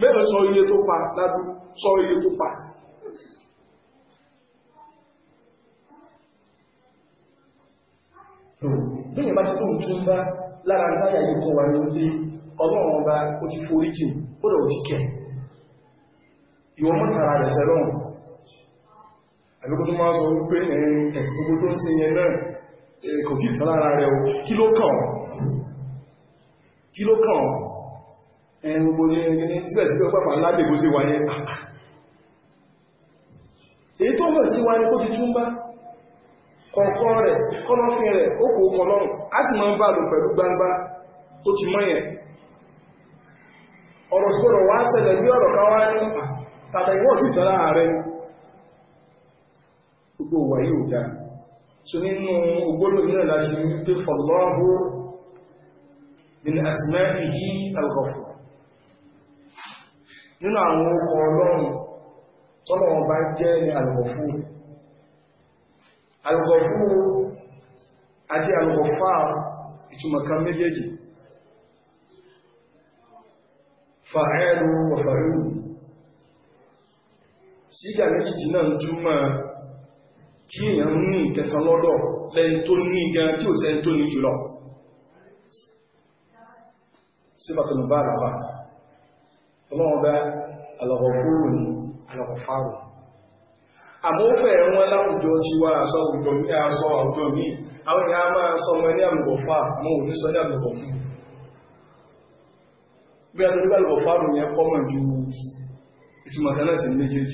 mẹ́rin sọ iye tó pa ládú sọ iye tó pa lóyìn bá ti tó ń tún bá lára nígbàyà yìí kọ́ wa ní ilé ọlọ́run ọba ó ti forí jìn ó lọ ti kẹ ìwọ mọ́tara rẹ̀ sẹ́lọ́run àbíkó tó máa sọ wípé ẹ̀gbogbo tó ń ṣe yẹn náà kò sí ìtàn lára rẹ̀ kí ló kàn kí ló kàn ẹ̀gbogbo ní ẹni sílẹ̀sílẹ̀ pàpà lábẹ̀gbó sí wáyé ah, ah. èyí tó mọ̀ sí wáyé kó ti tún bá kọ̀ọ̀kan rẹ̀ kọ́lọ́fin rẹ̀ ó kò kọlọ́run á sì máa ń bá lò pẹ̀lú gbangba tó ti mọ́ yẹn ọ̀rọ̀ sọ́rọ̀ wá ṣẹlẹ̀ bí ọ̀rọ̀ káwá ní ah, tàbí wọ́n sì tẹ́lá ààrẹ gbogbo wà yóò dá so nínú ogbólò nínú láti rí pé fọlọ́hù bin asmá ìhí alghafur nínú àwọn ọkọ̀ ọlọ́run tọ́lọ̀ ọba jẹ́ ní alghafur alghafur àti alghafar ìtumọ̀ kan méjèèjì fa'ẹ́lú wà sígà méjì náà túnmọ̀ tí èèyàn ní ìkẹta lọ́dọ̀ lẹ́ni tó ní gan tí ò sẹ́ni tó ní jùlọ sífàtàlù bá àlàbà ọlọ́run bá alàwọ̀fúrù ní alàwọ̀fáàrù àmọ́ ó fẹ́ wọn láwùjọ ti wá aṣọ àwùjọ ní aṣọ àwùjọ ní àwọn ìyá máa sọ wọn ní àlùbọ̀fà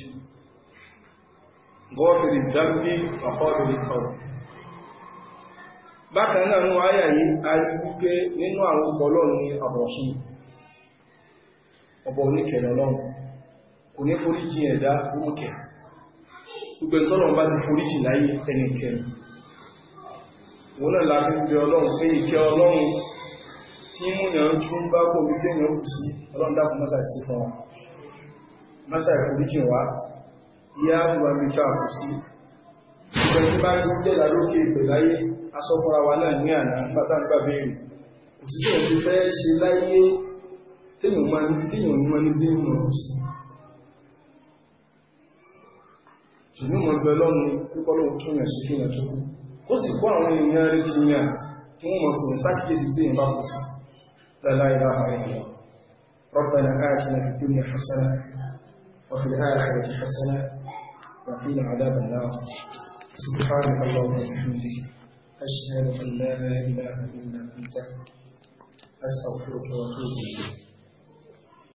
mọ́ غافر الذنب وقابل التوب bákan náà nínú àyà yìí a rí wípé nínú àwọn ọpọlọ́run ní àbọ̀sùn ọbọ̀ oníkẹ̀rẹ̀ ọlọ́run kò ní foríjì ẹ̀dá orúkẹ̀ gbogbo ìtọ́lọ̀ bá ti foríjì láyé ẹnikẹ̀rẹ̀ wọ́n náà láti gbé ọlọ́run pé ìkẹ́ ọlọ́run tí múyàn tún bá kò wípé èèyàn kù sí ọlọ́run dákùn mọ́sà sí fún wa mọ́sà ìforíjì wa ìyá àdúwà méjọ àkùsí ìṣẹ́ tí bá ti ń jẹ́ ìdálókè ìpẹ̀ láyé asọ́fọ́ra wa náà ní àná pátánkà bèèrè kò sí tẹ̀yẹ̀ ti fẹ́ ṣe láyé téèyàn máa ní téèyàn ní wọ́n ní dé ìmọ̀ sí sì kó àwọn èèyàn rí ti yàn tí wọ́n mọ̀ sákìyèsí téèyàn bá kù sí láláì láàárín ìyàn ربنا آتنا في الدنيا حسنة وفي الآخرة حسنة وقيل عذاب النار سبحانك اللهم وبحمدك أشهد أن لا إله إلا أنت أستغفرك وأتوب إليك